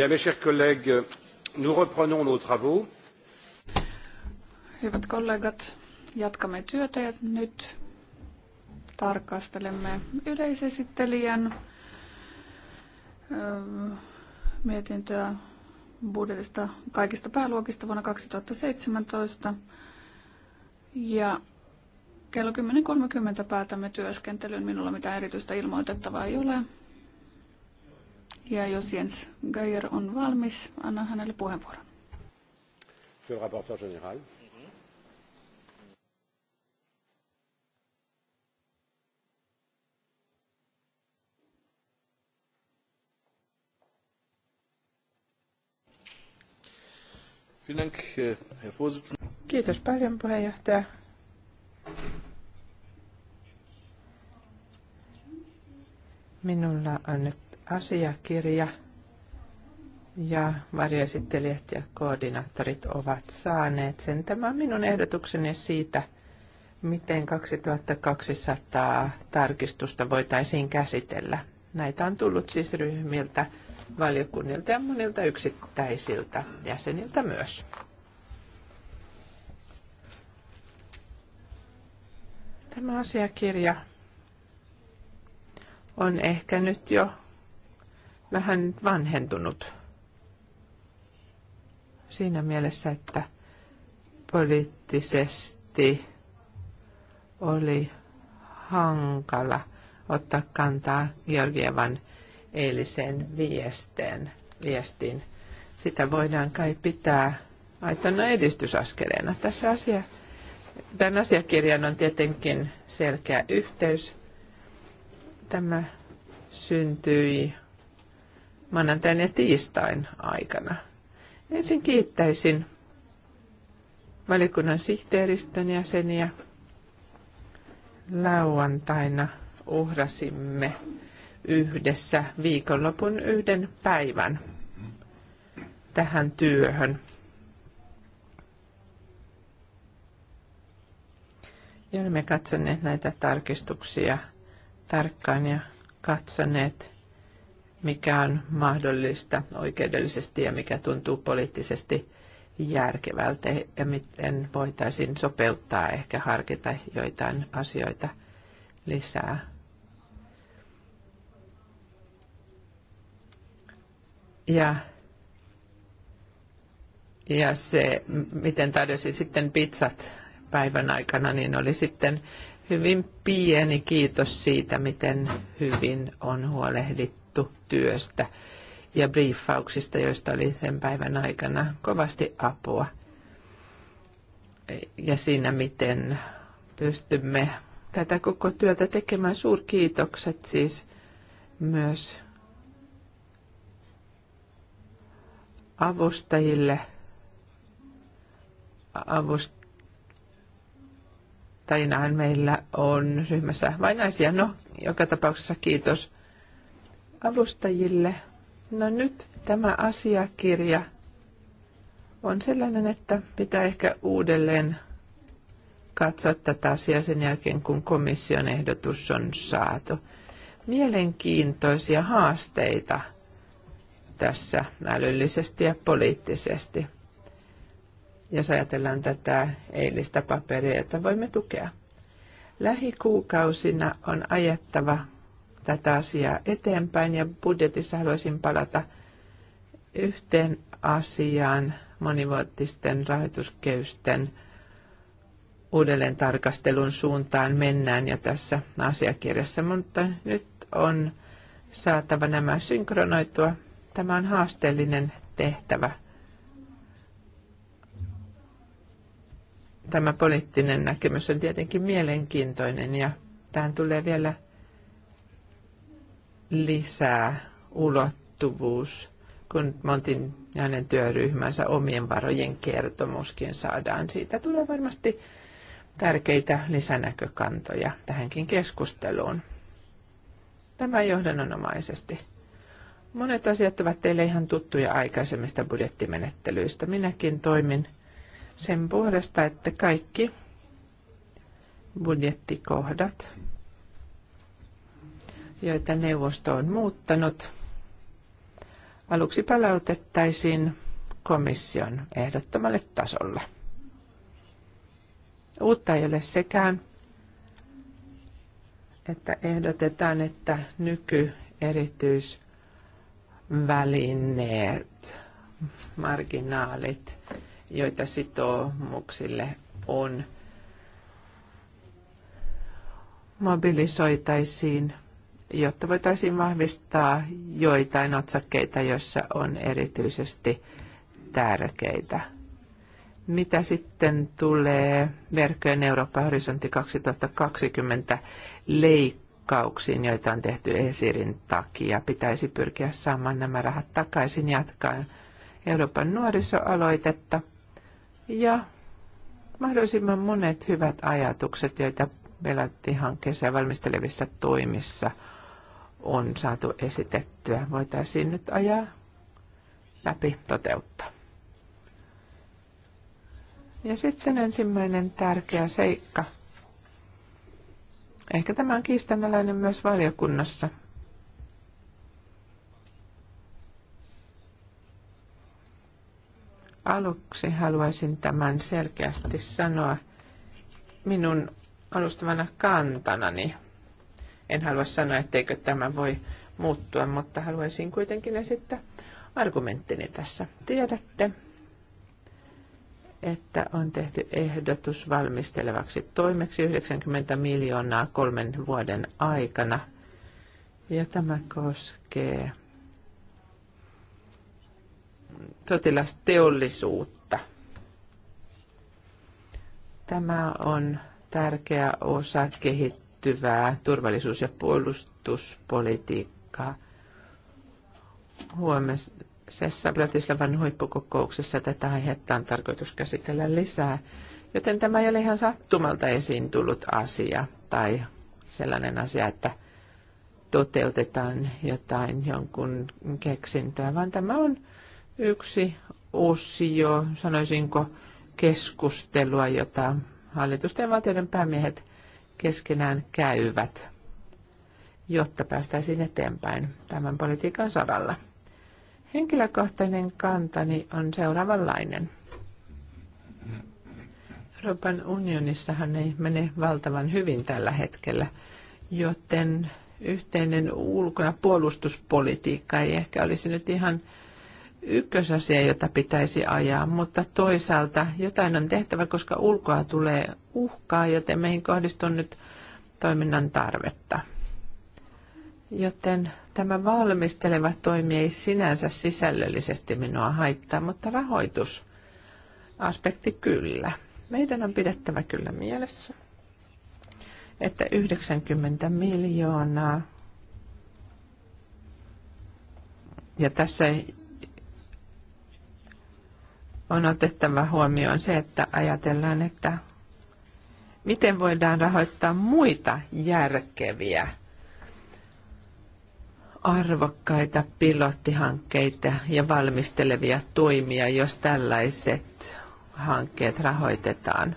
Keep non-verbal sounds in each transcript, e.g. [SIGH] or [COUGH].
Bien, mes chers collègues, nous reprenons nos travaux. Hyvät kollegat, jatkamme työtä ja nyt tarkastelemme yleisesittelijän mietintöä budjetista kaikista pääluokista vuonna 2017. Ja kello 10.30 päätämme työskentelyn. Minulla mitään erityistä ilmoitettavaa ei ole. Ja jos Jens Geier on valmis, annan hänelle puheenvuoron. Äh, Kiitos paljon puheenjohtaja. Minulla on nyt asiakirja ja varjoesittelijät ja koordinaattorit ovat saaneet sen. Tämä on minun ehdotukseni siitä, miten 2200 tarkistusta voitaisiin käsitellä. Näitä on tullut siis ryhmiltä, valiokunnilta ja monilta yksittäisiltä jäseniltä myös. Tämä asiakirja on ehkä nyt jo vähän vanhentunut siinä mielessä, että poliittisesti oli hankala ottaa kantaa Georgievan eiliseen viesteen, viestiin. Sitä voidaan kai pitää aitona edistysaskeleena. Tässä asia, tämän asiakirjan on tietenkin selkeä yhteys. Tämä syntyi maanantain ja tiistain aikana. Ensin kiittäisin valikunnan sihteeristön jäseniä. Lauantaina uhrasimme yhdessä viikonlopun yhden päivän tähän työhön. Ja olemme katsoneet näitä tarkistuksia tarkkaan ja katsoneet, mikä on mahdollista oikeudellisesti ja mikä tuntuu poliittisesti järkevältä ja miten voitaisiin sopeuttaa, ehkä harkita joitain asioita lisää. Ja, ja se, miten tarjosi sitten pizzat päivän aikana, niin oli sitten hyvin pieni kiitos siitä, miten hyvin on huolehdittu puhuttu työstä ja briefauksista, joista oli sen päivän aikana kovasti apua. Ja siinä, miten pystymme tätä koko työtä tekemään. Suurkiitokset siis myös avustajille, avustajinahan meillä on ryhmässä vain naisia. No, joka tapauksessa kiitos avustajille. No nyt tämä asiakirja on sellainen, että pitää ehkä uudelleen katsoa tätä asiaa sen jälkeen, kun komission ehdotus on saatu. Mielenkiintoisia haasteita tässä älyllisesti ja poliittisesti. Jos ajatellaan tätä eilistä paperia, että voimme tukea. Lähikuukausina on ajettava tätä asiaa eteenpäin ja budjetissa haluaisin palata yhteen asiaan monivuotisten rahoituskeysten uudelleen tarkastelun suuntaan mennään ja tässä asiakirjassa, mutta nyt on saatava nämä synkronoitua. Tämä on haasteellinen tehtävä. Tämä poliittinen näkemys on tietenkin mielenkiintoinen ja tähän tulee vielä lisää ulottuvuus, kun Montin ja hänen työryhmänsä omien varojen kertomuskin saadaan. Siitä tulee varmasti tärkeitä lisänäkökantoja tähänkin keskusteluun. Tämä johdannonomaisesti. Monet asiat ovat teille ihan tuttuja aikaisemmista budjettimenettelyistä. Minäkin toimin sen puolesta, että kaikki budjettikohdat joita neuvosto on muuttanut, aluksi palautettaisiin komission ehdottomalle tasolle. Uutta ei ole sekään, että ehdotetaan, että nykyerityisvälineet, marginaalit, joita sitoumuksille on, mobilisoitaisiin – jotta voitaisiin vahvistaa joitain otsakkeita, joissa on erityisesti tärkeitä. Mitä sitten tulee verkkojen Euroopan horisontti 2020 leikkauksiin, joita on tehty esirin takia? Pitäisi pyrkiä saamaan nämä rahat takaisin jatkaen Euroopan nuorisoaloitetta. Ja mahdollisimman monet hyvät ajatukset, joita pelattihankkeessa ja valmistelevissa toimissa – on saatu esitettyä, voitaisiin nyt ajaa läpi toteuttaa. Ja sitten ensimmäinen tärkeä seikka. Ehkä tämä on kiistanalainen myös valiokunnassa. Aluksi haluaisin tämän selkeästi sanoa minun alustavana kantanani en halua sanoa, etteikö tämä voi muuttua, mutta haluaisin kuitenkin esittää argumenttini tässä. Tiedätte, että on tehty ehdotus valmistelevaksi toimeksi 90 miljoonaa kolmen vuoden aikana. Ja tämä koskee sotilasteollisuutta. Tämä on tärkeä osa kehittää liittyvää turvallisuus- ja puolustuspolitiikkaa. Huomisessa Bratislavan huippukokouksessa tätä aihetta on tarkoitus käsitellä lisää, joten tämä ei ole ihan sattumalta esiin tullut asia tai sellainen asia, että toteutetaan jotain jonkun keksintöä, vaan tämä on yksi osio, sanoisinko, keskustelua, jota hallitusten ja valtioiden päämiehet keskenään käyvät, jotta päästäisiin eteenpäin tämän politiikan saralla. Henkilökohtainen kantani on seuraavanlainen. Euroopan unionissahan ei mene valtavan hyvin tällä hetkellä, joten yhteinen ulko- ja puolustuspolitiikka ei ehkä olisi nyt ihan ykkösasia, jota pitäisi ajaa, mutta toisaalta jotain on tehtävä, koska ulkoa tulee uhkaa, joten meihin kohdistuu nyt toiminnan tarvetta. Joten tämä valmisteleva toimi ei sinänsä sisällöllisesti minua haittaa, mutta rahoitusaspekti kyllä. Meidän on pidettävä kyllä mielessä, että 90 miljoonaa ja tässä on otettava huomioon se, että ajatellaan, että miten voidaan rahoittaa muita järkeviä, arvokkaita pilottihankkeita ja valmistelevia toimia, jos tällaiset hankkeet rahoitetaan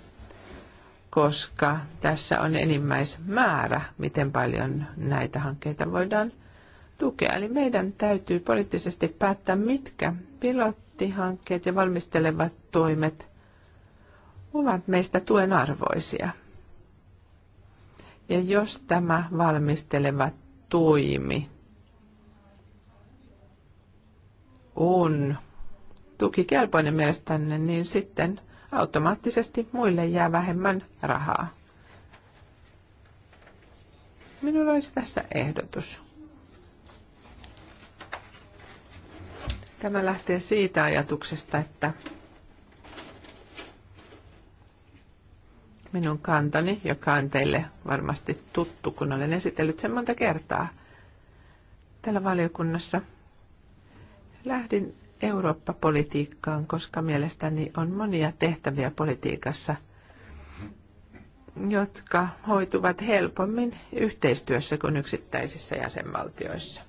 koska tässä on enimmäismäärä, miten paljon näitä hankkeita voidaan tukea. Eli meidän täytyy poliittisesti päättää, mitkä pilottihankkeet ja valmistelevat toimet ovat meistä tuen arvoisia. Ja jos tämä valmisteleva toimi on tukikelpoinen mielestänne, niin sitten automaattisesti muille jää vähemmän rahaa. Minulla olisi tässä ehdotus. Tämä lähtee siitä ajatuksesta, että minun kantani, joka on teille varmasti tuttu, kun olen esitellyt sen monta kertaa täällä valiokunnassa. Lähdin Eurooppa-politiikkaan, koska mielestäni on monia tehtäviä politiikassa, jotka hoituvat helpommin yhteistyössä kuin yksittäisissä jäsenvaltioissa.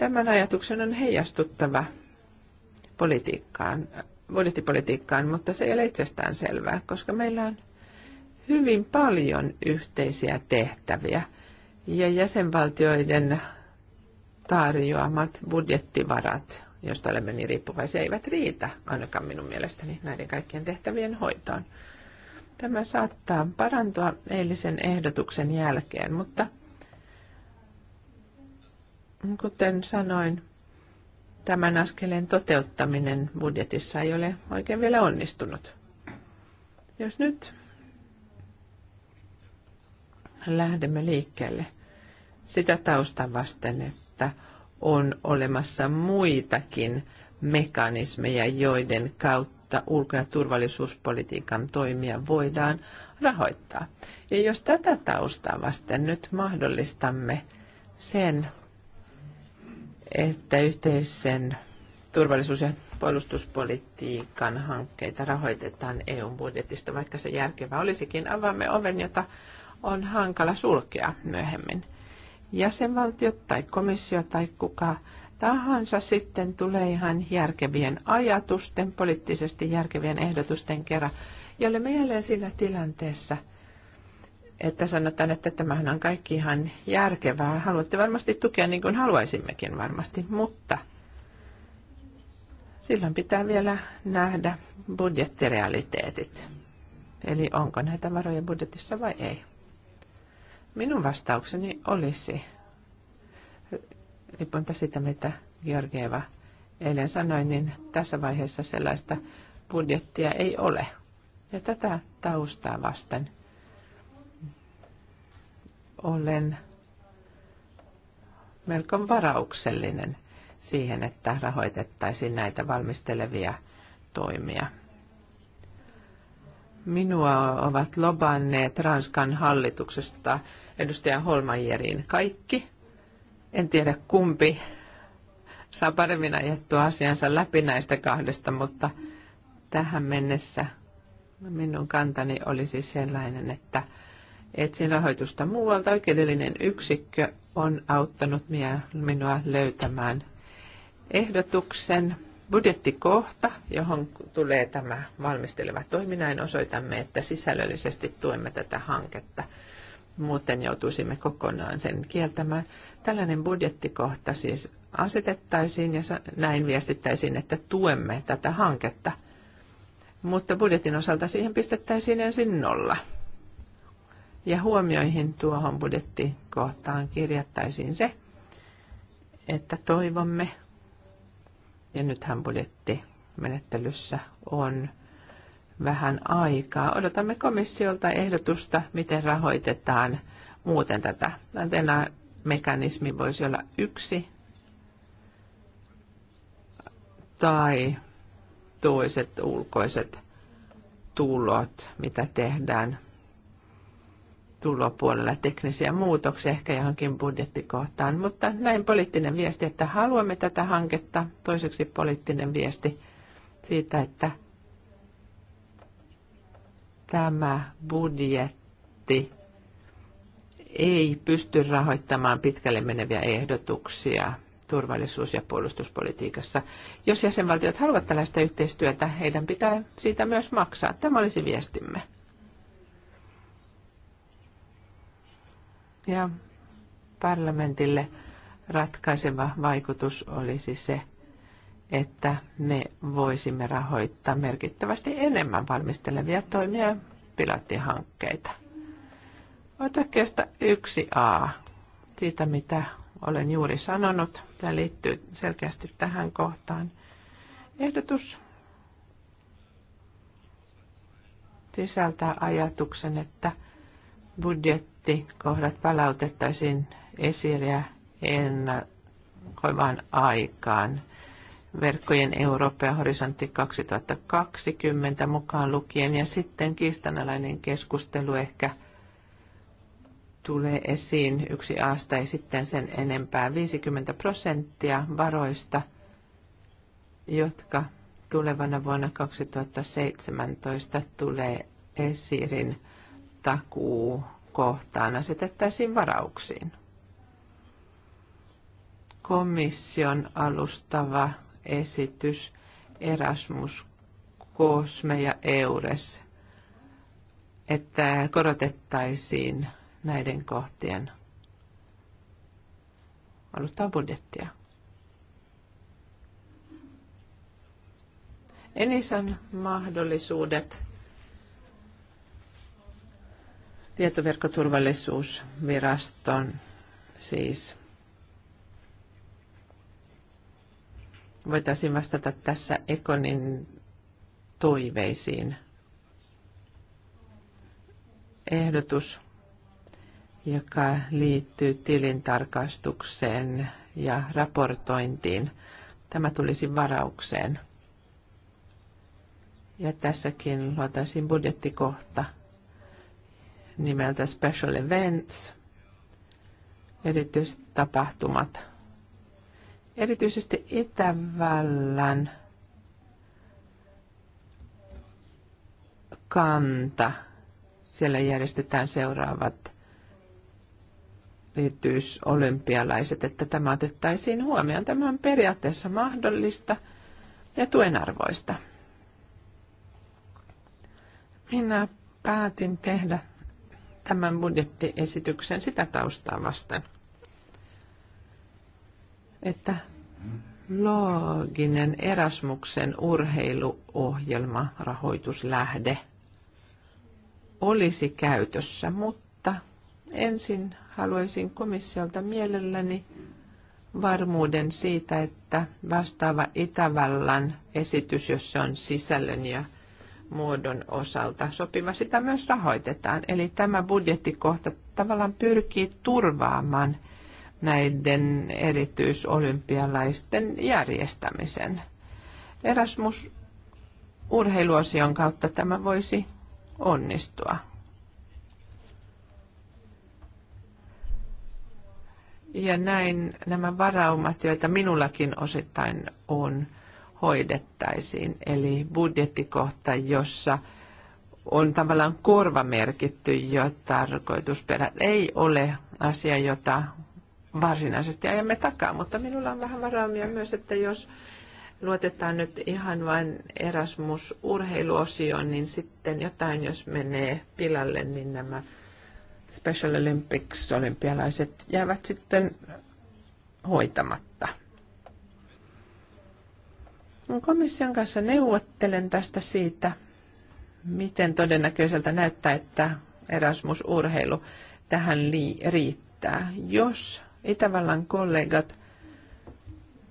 Tämän ajatuksen on heijastuttava politiikkaan, budjettipolitiikkaan, mutta se ei ole itsestään selvää, koska meillä on hyvin paljon yhteisiä tehtäviä ja jäsenvaltioiden tarjoamat budjettivarat, joista olemme niin riippuvaisia, eivät riitä ainakaan minun mielestäni näiden kaikkien tehtävien hoitoon. Tämä saattaa parantua eilisen ehdotuksen jälkeen, mutta Kuten sanoin, tämän askeleen toteuttaminen budjetissa ei ole oikein vielä onnistunut. Jos nyt lähdemme liikkeelle sitä taustan vasten, että on olemassa muitakin mekanismeja, joiden kautta ulko- ja turvallisuuspolitiikan toimia voidaan rahoittaa. Ja jos tätä taustaa vasten nyt mahdollistamme sen, että yhteisen turvallisuus- ja puolustuspolitiikan hankkeita rahoitetaan EUn budjetista, vaikka se järkevä olisikin. Avaamme oven, jota on hankala sulkea myöhemmin. Jäsenvaltiot tai komissio tai kuka tahansa sitten tulee ihan järkevien ajatusten, poliittisesti järkevien ehdotusten kerran, jolle me jälleen siinä tilanteessa – että sanotaan, että tämähän on kaikki ihan järkevää. Haluatte varmasti tukea niin kuin haluaisimmekin varmasti, mutta silloin pitää vielä nähdä budjettirealiteetit. Eli onko näitä varoja budjetissa vai ei. Minun vastaukseni olisi, riippumatta siitä mitä Georgieva eilen sanoi, niin tässä vaiheessa sellaista budjettia ei ole. Ja tätä taustaa vasten – olen melko varauksellinen siihen, että rahoitettaisiin näitä valmistelevia toimia. Minua ovat lobanneet Ranskan hallituksesta edustaja Holmajerin kaikki. En tiedä kumpi saa paremmin ajettua asiansa läpi näistä kahdesta, mutta tähän mennessä minun kantani olisi sellainen, että – etsin rahoitusta muualta. Oikeudellinen yksikkö on auttanut minua löytämään ehdotuksen. Budjettikohta, johon tulee tämä valmisteleva toiminnan, osoitamme, että sisällöllisesti tuemme tätä hanketta. Muuten joutuisimme kokonaan sen kieltämään. Tällainen budjettikohta siis asetettaisiin ja näin viestittäisiin, että tuemme tätä hanketta. Mutta budjetin osalta siihen pistettäisiin ensin nolla. Ja huomioihin tuohon budjettikohtaan kirjattaisiin se, että toivomme, ja nythän budjettimenettelyssä on vähän aikaa. Odotamme komissiolta ehdotusta, miten rahoitetaan muuten tätä. Tämä mekanismi voisi olla yksi tai toiset ulkoiset tulot, mitä tehdään tulopuolella teknisiä muutoksia ehkä johonkin budjettikohtaan, mutta näin poliittinen viesti, että haluamme tätä hanketta. Toiseksi poliittinen viesti siitä, että tämä budjetti ei pysty rahoittamaan pitkälle meneviä ehdotuksia turvallisuus- ja puolustuspolitiikassa. Jos jäsenvaltiot haluavat tällaista yhteistyötä, heidän pitää siitä myös maksaa. Tämä olisi viestimme. Ja parlamentille ratkaiseva vaikutus olisi se, että me voisimme rahoittaa merkittävästi enemmän valmistelevia toimia pilottihankkeita. Otsakkeesta yksi a siitä mitä olen juuri sanonut, tämä liittyy selkeästi tähän kohtaan. Ehdotus sisältää ajatuksen, että budjetti Kohdat palautettaisiin esiriä ennakoivaan aikaan. Verkkojen Eurooppa ja horisontti 2020 mukaan lukien. Ja sitten kiistanalainen keskustelu ehkä tulee esiin yksi aasta ja sitten sen enempää. 50 prosenttia varoista, jotka tulevana vuonna 2017 tulee esirin takuu kohtaan asetettaisiin varauksiin. Komission alustava esitys Erasmus, Kosme ja Eures, että korotettaisiin näiden kohtien alustaa budjettia. Enisan mahdollisuudet tietoverkkoturvallisuusviraston siis voitaisiin vastata tässä Ekonin toiveisiin. Ehdotus, joka liittyy tilintarkastukseen ja raportointiin. Tämä tulisi varaukseen. Ja tässäkin luotaisiin budjettikohta – nimeltä Special Events, erityistapahtumat. Erityisesti Itävallan kanta. Siellä järjestetään seuraavat olympialaiset, että tämä otettaisiin huomioon. Tämä on periaatteessa mahdollista ja tuen arvoista. Minä päätin tehdä tämän budjettiesityksen sitä taustaa vasten, että looginen Erasmuksen urheiluohjelma rahoituslähde olisi käytössä, mutta ensin haluaisin komissiolta mielelläni varmuuden siitä, että vastaava Itävallan esitys, jos se on sisällön ja muodon osalta sopiva, sitä myös rahoitetaan. Eli tämä budjettikohta tavallaan pyrkii turvaamaan näiden erityisolympialaisten järjestämisen. Erasmus urheiluosion kautta tämä voisi onnistua. Ja näin nämä varaumat, joita minullakin osittain on, hoidettaisiin. Eli budjettikohta, jossa on tavallaan korvamerkitty jo tarkoitusperä. Ei ole asia, jota varsinaisesti ajamme takaa, mutta minulla on vähän varaumia myös, että jos luotetaan nyt ihan vain Erasmus-urheiluosioon, niin sitten jotain, jos menee pilalle, niin nämä Special Olympics-olympialaiset jäävät sitten hoitamatta. Komission kanssa neuvottelen tästä siitä, miten todennäköiseltä näyttää, että Erasmus-urheilu tähän lii riittää. Jos Itävallan kollegat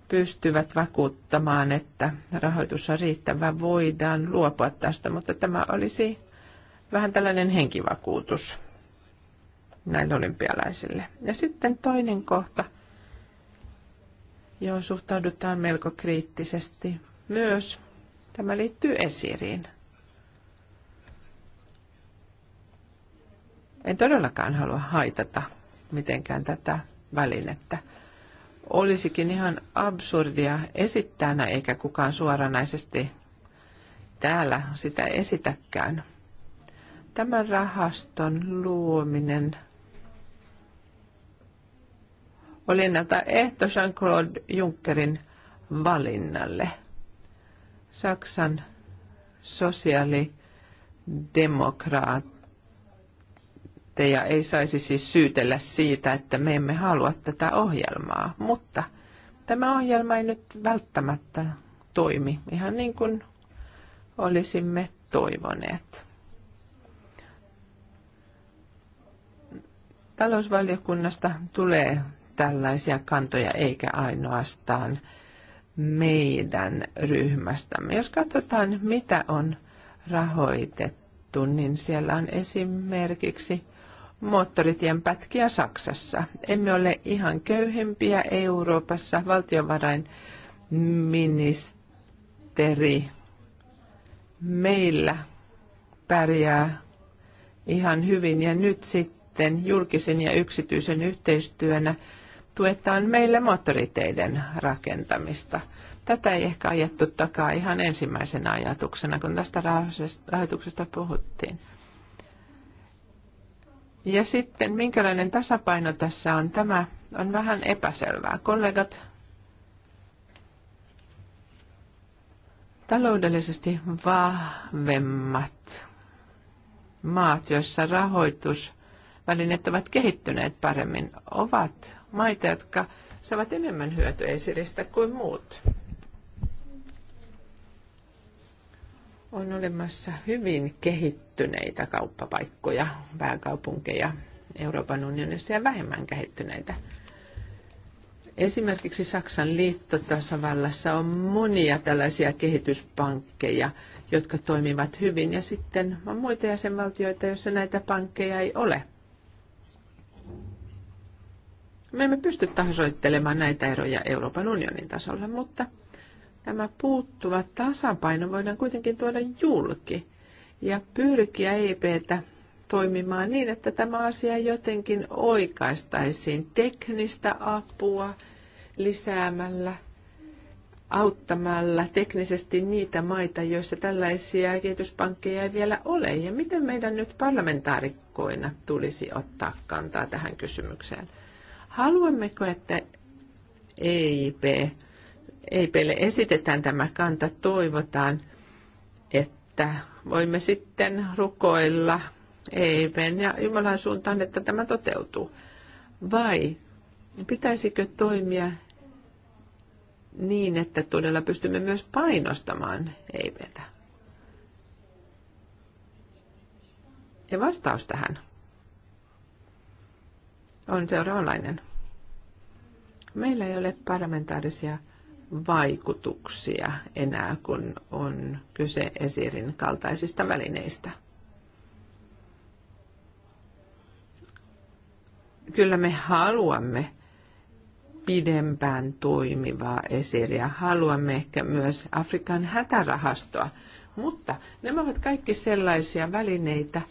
pystyvät vakuuttamaan, että rahoitus on riittävä, voidaan luopua tästä, mutta tämä olisi vähän tällainen henkivakuutus näille olympialaisille. Ja sitten toinen kohta, johon suhtaudutaan melko kriittisesti, myös. Tämä liittyy esiriin. En todellakaan halua haitata mitenkään tätä välinettä. Olisikin ihan absurdia esittää, eikä kukaan suoranaisesti täällä sitä esitäkään. Tämän rahaston luominen oli ennalta ehto Jean-Claude Junckerin valinnalle – Saksan sosiaalidemokraatteja ei saisi siis syytellä siitä, että me emme halua tätä ohjelmaa, mutta tämä ohjelma ei nyt välttämättä toimi ihan niin kuin olisimme toivoneet. Talousvaliokunnasta tulee tällaisia kantoja eikä ainoastaan meidän ryhmästämme. Jos katsotaan, mitä on rahoitettu, niin siellä on esimerkiksi moottoritien pätkiä Saksassa. Emme ole ihan köyhimpiä Euroopassa. Valtiovarainministeri meillä pärjää ihan hyvin ja nyt sitten julkisen ja yksityisen yhteistyönä – tuetaan meille moottoriteiden rakentamista. Tätä ei ehkä ajettu takaa ihan ensimmäisenä ajatuksena, kun tästä rahoituksesta puhuttiin. Ja sitten, minkälainen tasapaino tässä on, tämä on vähän epäselvää. Kollegat, taloudellisesti vahvemmat maat, joissa rahoitusvälineet ovat kehittyneet paremmin, ovat maita, jotka saavat enemmän hyötyä esiristä kuin muut. On olemassa hyvin kehittyneitä kauppapaikkoja, pääkaupunkeja Euroopan unionissa ja vähemmän kehittyneitä. Esimerkiksi Saksan liittotasavallassa on monia tällaisia kehityspankkeja, jotka toimivat hyvin, ja sitten on muita jäsenvaltioita, joissa näitä pankkeja ei ole – me emme pysty tasoittelemaan näitä eroja Euroopan unionin tasolla, mutta tämä puuttuva tasapaino voidaan kuitenkin tuoda julki ja pyrkiä EPtä toimimaan niin, että tämä asia jotenkin oikaistaisiin teknistä apua lisäämällä, auttamalla teknisesti niitä maita, joissa tällaisia kehityspankkeja ei vielä ole. Ja miten meidän nyt parlamentaarikkoina tulisi ottaa kantaa tähän kysymykseen? Haluammeko, että EIP, EIPlle esitetään tämä kanta, toivotaan, että voimme sitten rukoilla EIPn ja Jumalan suuntaan, että tämä toteutuu. Vai pitäisikö toimia niin, että todella pystymme myös painostamaan EIPtä? Ja vastaus tähän on seuraavanlainen. Meillä ei ole parlamentaarisia vaikutuksia enää, kun on kyse esirin kaltaisista välineistä. Kyllä me haluamme pidempään toimivaa esiriä. Haluamme ehkä myös Afrikan hätärahastoa, mutta nämä ovat kaikki sellaisia välineitä,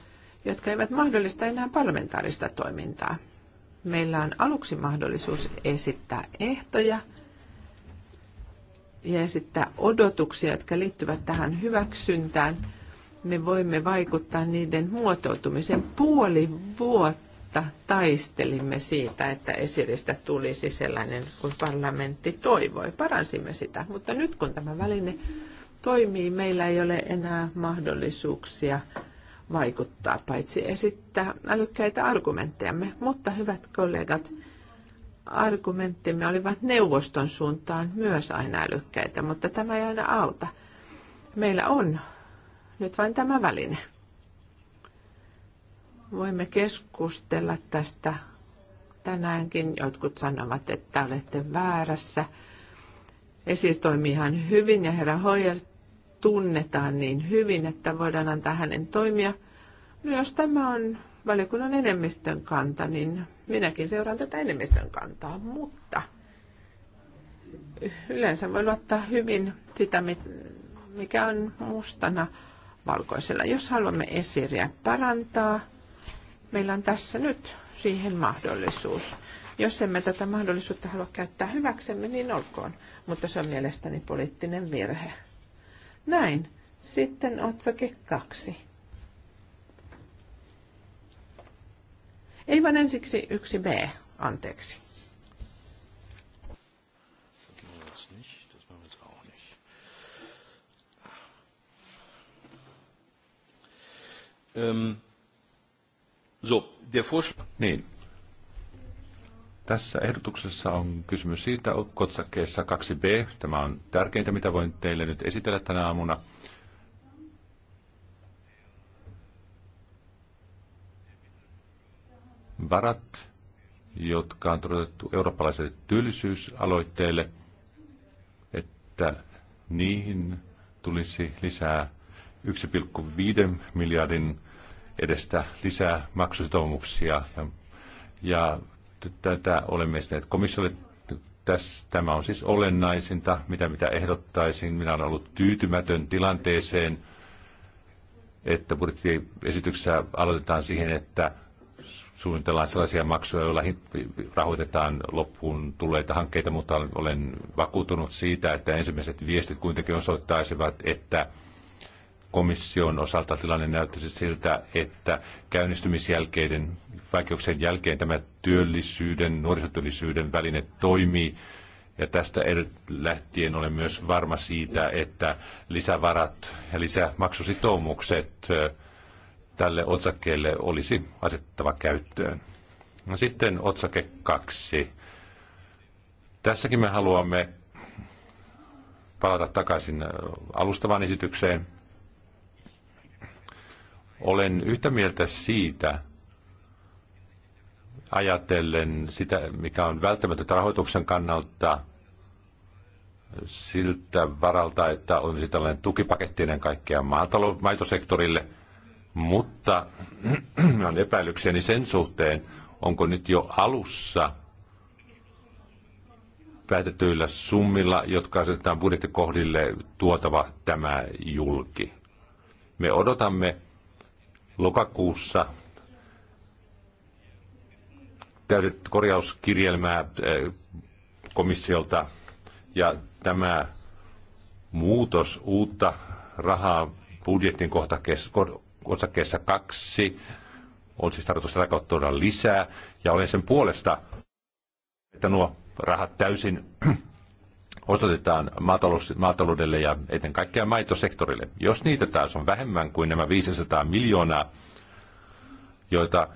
jotka eivät mahdollista enää parlamentaarista toimintaa meillä on aluksi mahdollisuus esittää ehtoja ja esittää odotuksia, jotka liittyvät tähän hyväksyntään. Me voimme vaikuttaa niiden muotoutumiseen. Puoli vuotta taistelimme siitä, että esiristä tulisi sellainen kuin parlamentti toivoi. Paransimme sitä, mutta nyt kun tämä väline toimii, meillä ei ole enää mahdollisuuksia – vaikuttaa, paitsi esittää älykkäitä argumenttejamme. Mutta hyvät kollegat, argumenttimme olivat neuvoston suuntaan myös aina älykkäitä, mutta tämä ei aina auta. Meillä on nyt vain tämä väline. Voimme keskustella tästä tänäänkin. Jotkut sanovat, että olette väärässä. toimii ihan hyvin ja herra Hoyer tunnetaan niin hyvin, että voidaan antaa hänen toimia. No jos tämä on valiokunnan enemmistön kanta, niin minäkin seuraan tätä enemmistön kantaa, mutta yleensä voi luottaa hyvin sitä, mikä on mustana valkoisella. Jos haluamme esiriä parantaa, meillä on tässä nyt siihen mahdollisuus. Jos emme tätä mahdollisuutta halua käyttää hyväksemme, niin olkoon, mutta se on mielestäni poliittinen virhe. Näin. Sitten otsake kaksi. Ei vaan ensiksi yksi B, anteeksi. Ähm, so, der Vorschlag. Niin, tässä ehdotuksessa on kysymys siitä kotsakkeessa 2b. Tämä on tärkeintä, mitä voin teille nyt esitellä tänä aamuna. Varat, jotka on todettu eurooppalaiselle työllisyysaloitteelle, että niihin tulisi lisää 1,5 miljardin edestä lisää maksusitoumuksia ja, ja tätä olemme esittäneet komissiolle. Tämä on siis olennaisinta, mitä, mitä ehdottaisin. Minä olen ollut tyytymätön tilanteeseen, että budjettiesityksessä aloitetaan siihen, että suunnitellaan sellaisia maksuja, joilla rahoitetaan loppuun tulleita hankkeita, mutta olen vakuutunut siitä, että ensimmäiset viestit kuitenkin osoittaisivat, että komission osalta tilanne näyttäisi siltä, että käynnistymisjälkeiden, vaikeuksien jälkeen tämä työllisyyden, nuorisotyöllisyyden väline toimii. Ja tästä lähtien olen myös varma siitä, että lisävarat ja lisämaksusitoumukset tälle otsakkeelle olisi asettava käyttöön. No sitten otsake kaksi. Tässäkin me haluamme palata takaisin alustavaan esitykseen, olen yhtä mieltä siitä, ajatellen sitä, mikä on välttämätöntä rahoituksen kannalta siltä varalta, että on siis tällainen tukipaketti ennen kaikkea maatalous, maitosektorille, mutta [CLEARS THROAT] on epäilykseni sen suhteen, onko nyt jo alussa päätetyillä summilla, jotka asetetaan budjettikohdille, tuotava tämä julki. Me odotamme lokakuussa täydet korjauskirjelmää äh, komissiolta ja tämä muutos uutta rahaa budjetin kohta kaksi on siis tarkoitus tätä kautta tuoda lisää ja olen sen puolesta, että nuo rahat täysin osoitetaan maataloudelle ja eten kaikkea maitosektorille. Jos niitä taas on vähemmän kuin nämä 500 miljoonaa, joita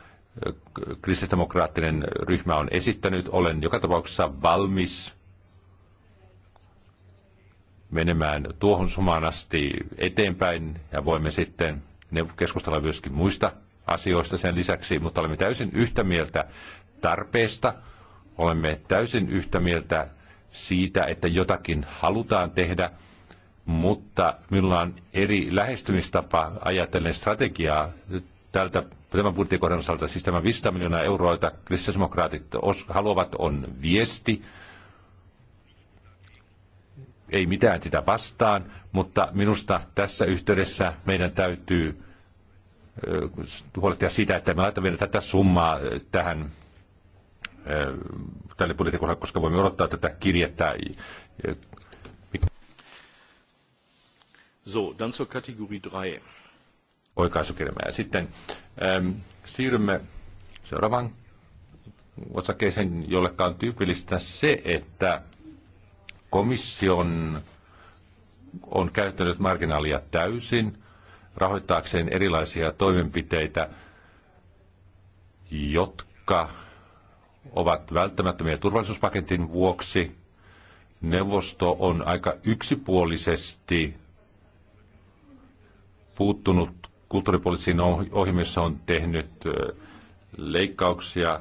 eh, kristillisdemokraattinen ryhmä on esittänyt, olen joka tapauksessa valmis menemään tuohon sumaan asti eteenpäin ja voimme sitten keskustella myöskin muista asioista sen lisäksi, mutta olemme täysin yhtä mieltä tarpeesta, olemme täysin yhtä mieltä siitä, että jotakin halutaan tehdä, mutta minulla on eri lähestymistapa ajatellen strategiaa tältä, tämän budjettikohdan osalta. Siis tämä 500 miljoonaa euroa, jota kristillisdemokraatit haluavat, on viesti. Ei mitään sitä vastaan, mutta minusta tässä yhteydessä meidän täytyy huolehtia siitä, että me laitamme tätä summaa tähän Äh, tälle budjettikohdalle, koska voimme odottaa tätä kirjettä. So, dann zur Kategorie 3. Oikaisukirjelmä. Ja sitten ähm, siirrymme seuraavaan osakkeeseen, jollekaan on tyypillistä se, että komission on käyttänyt marginaalia täysin rahoittaakseen erilaisia toimenpiteitä, jotka ovat välttämättömiä turvallisuuspaketin vuoksi. Neuvosto on aika yksipuolisesti puuttunut kulttuuripoliittisiin joissa on tehnyt leikkauksia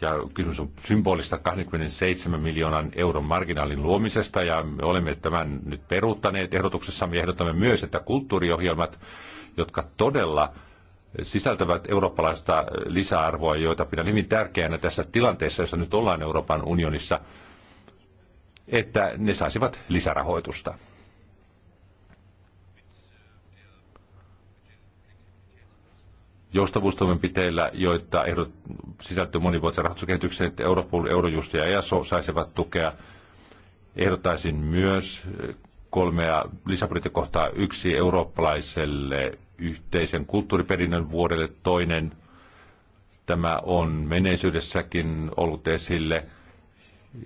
ja kysymys on symbolista 27 miljoonan euron marginaalin luomisesta ja me olemme tämän nyt peruuttaneet ehdotuksessamme ehdotamme myös, että kulttuuriohjelmat, jotka todella sisältävät eurooppalaista lisäarvoa, joita pidän hyvin tärkeänä tässä tilanteessa, jossa nyt ollaan Euroopan unionissa, että ne saisivat lisärahoitusta. joustavuustoimenpiteillä, joita ehdot sisältyy monivuotisen rahoituskehitykseen, että Europol, Eurojust ja ESO saisivat tukea. Ehdottaisin myös kolmea lisäbudjettikohtaa yksi eurooppalaiselle yhteisen kulttuuriperinnön vuodelle toinen. Tämä on menneisyydessäkin ollut esille.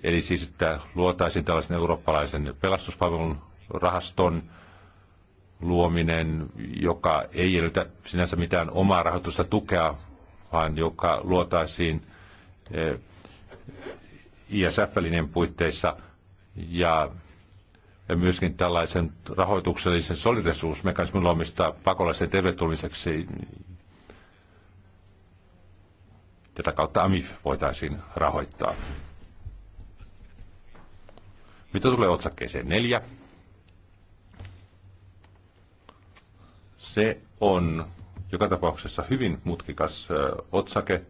Eli siis, että luotaisiin tällaisen eurooppalaisen pelastuspalvelun rahaston luominen, joka ei edellytä sinänsä mitään omaa rahoitusta tukea, vaan joka luotaisiin eh, ISF-välineen puitteissa ja ja myöskin tällaisen rahoituksellisen solidarisuusmekanismin luomista pakolaisen tervetulliseksi. Tätä kautta AMIF voitaisiin rahoittaa. Mitä tulee otsakkeeseen neljä? Se on joka tapauksessa hyvin mutkikas otsake.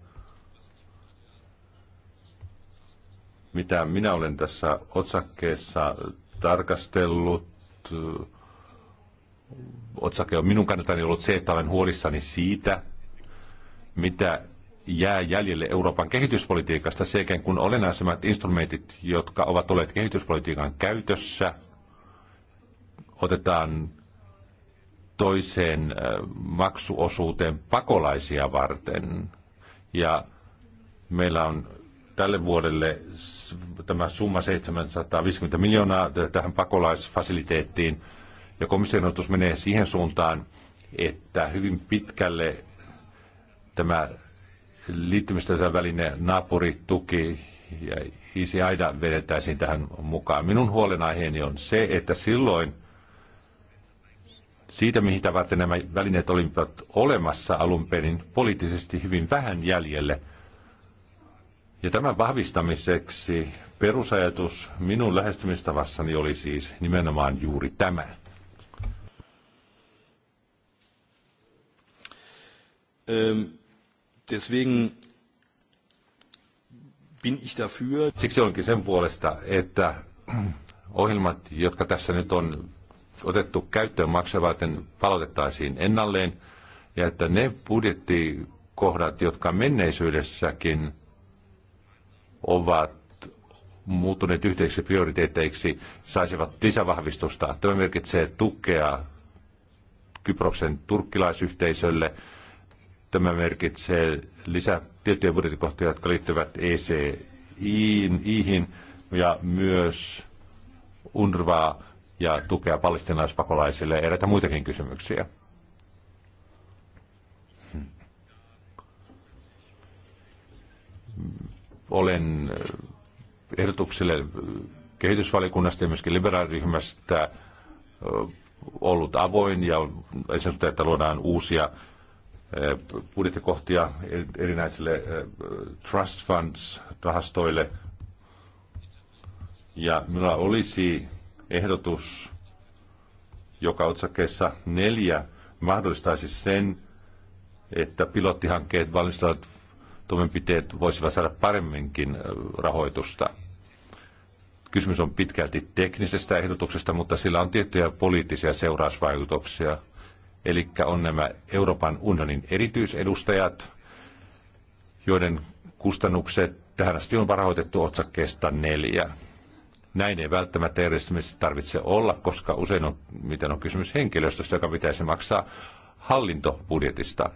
Mitä minä olen tässä otsakkeessa tarkastellut. Otsake on minun kannattani ollut se, että olen huolissani siitä, mitä jää jäljelle Euroopan kehityspolitiikasta sekä kun olennaisemmat instrumentit, jotka ovat olleet kehityspolitiikan käytössä, otetaan toiseen äh, maksuosuuteen pakolaisia varten. Ja meillä on tälle vuodelle tämä summa 750 miljoonaa tähän pakolaisfasiliteettiin. Ja komission menee siihen suuntaan, että hyvin pitkälle tämä liittymistä väline naapurituki ja Isi Aida vedettäisiin tähän mukaan. Minun huolenaiheeni on se, että silloin siitä, mihin varten nämä välineet olivat olemassa alun perin, poliittisesti hyvin vähän jäljelle – ja tämän vahvistamiseksi perusajatus minun lähestymistavassani oli siis nimenomaan juuri tämä. Ähm, deswegen bin ich dafür. Siksi onkin sen puolesta, että ohjelmat, jotka tässä nyt on otettu käyttöön maksavarten, palautettaisiin ennalleen, ja että ne budjettikohdat, jotka menneisyydessäkin ovat muuttuneet yhteisiksi prioriteetteiksi, saisivat lisävahvistusta. Tämä merkitsee tukea Kyproksen turkkilaisyhteisölle. Tämä merkitsee lisää tiettyjä budjettikohtia, jotka liittyvät ECIin ja myös UNRWAa ja tukea palestinaispakolaisille ja eräitä muitakin kysymyksiä. Hmm olen äh, ehdotukselle äh, kehitysvalikunnasta ja myöskin liberaaliryhmästä äh, ollut avoin ja esimerkiksi, että luodaan uusia budjettikohtia erinäisille trust funds rahastoille. Ja minulla olisi ehdotus, joka otsakkeessa neljä mahdollistaisi sen, että pilottihankkeet valmistuvat toimenpiteet voisivat saada paremminkin rahoitusta. Kysymys on pitkälti teknisestä ehdotuksesta, mutta sillä on tiettyjä poliittisia seurausvaikutuksia. Eli on nämä Euroopan unionin erityisedustajat, joiden kustannukset tähän asti on varoitettu otsakkeesta neljä. Näin ei välttämättä järjestämistä tarvitse olla, koska usein on, miten on kysymys henkilöstöstä, joka pitäisi maksaa hallintobudjetista.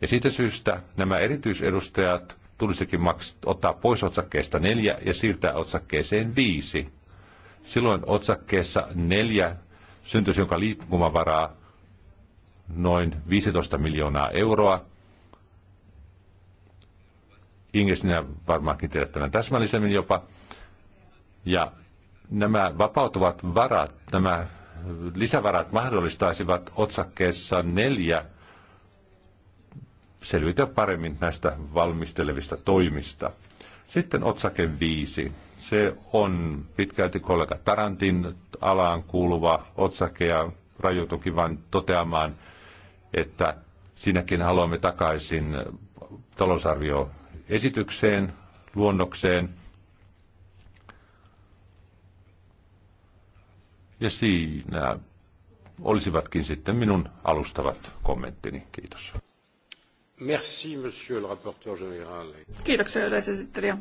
Ja siitä syystä nämä erityisedustajat tulisikin ottaa pois otsakkeesta neljä ja siirtää otsakkeeseen viisi. Silloin otsakkeessa neljä syntyisi jonka liikkumavaraa noin 15 miljoonaa euroa. Inge, sinä varmaankin tiedät tämän täsmällisemmin jopa. Ja nämä vapautuvat varat, nämä lisävarat mahdollistaisivat otsakkeessa neljä – selvitä paremmin näistä valmistelevista toimista. Sitten otsake 5. Se on pitkälti kollega Tarantin alaan kuuluva otsake ja rajoitukin vain toteamaan, että sinäkin haluamme takaisin talousarvioesitykseen, luonnokseen. Ja siinä olisivatkin sitten minun alustavat kommenttini. Kiitos. Merci, monsieur le rapporteur général. Kiitoksia yleisesittelijä.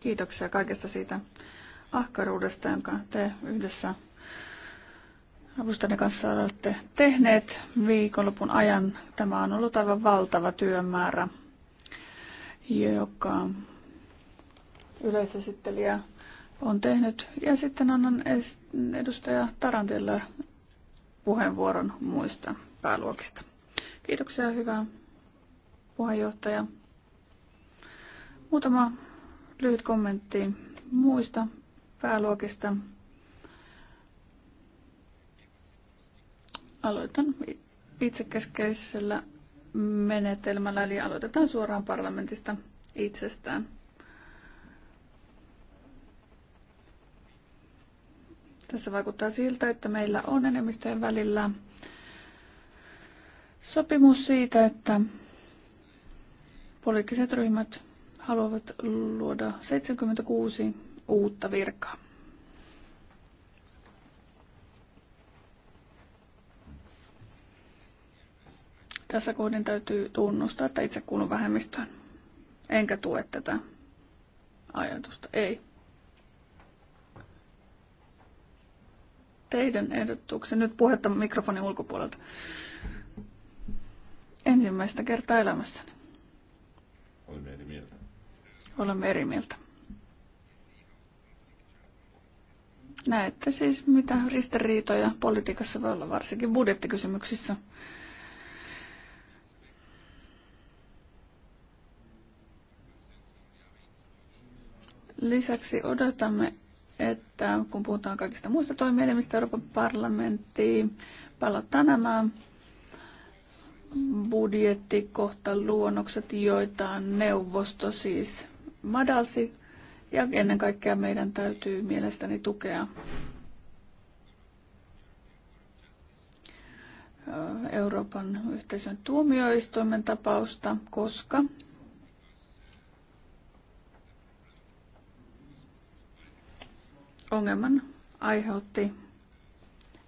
Kiitoksia kaikesta siitä ahkaruudesta, jonka te yhdessä avustajani kanssa olette tehneet viikonlopun ajan. Tämä on ollut aivan valtava työmäärä, joka yleisesittelijä on tehnyt. Ja sitten annan edustaja Tarantille puheenvuoron muista pääluokista. Kiitoksia, hyvä puheenjohtaja. Muutama lyhyt kommentti muista pääluokista. Aloitan itsekeskeisellä menetelmällä, eli aloitetaan suoraan parlamentista itsestään. Tässä vaikuttaa siltä, että meillä on enemmistöjen välillä sopimus siitä, että poliittiset ryhmät haluavat luoda 76 uutta virkaa. Tässä kohdin täytyy tunnustaa, että itse kuulun vähemmistöön. Enkä tue tätä ajatusta. Ei. Teidän ehdotuksen. Nyt puhetta mikrofonin ulkopuolelta ensimmäistä kertaa elämässäni. Olemme eri mieltä. Olemme eri mieltä. Näette siis, mitä ristiriitoja politiikassa voi olla, varsinkin budjettikysymyksissä. Lisäksi odotamme, että kun puhutaan kaikista muista toimielimistä Euroopan parlamenttiin, palataan nämä budjettikohta luonnokset, joita neuvosto siis madalsi. Ja ennen kaikkea meidän täytyy mielestäni tukea Euroopan yhteisön tuomioistuimen tapausta, koska ongelman aiheutti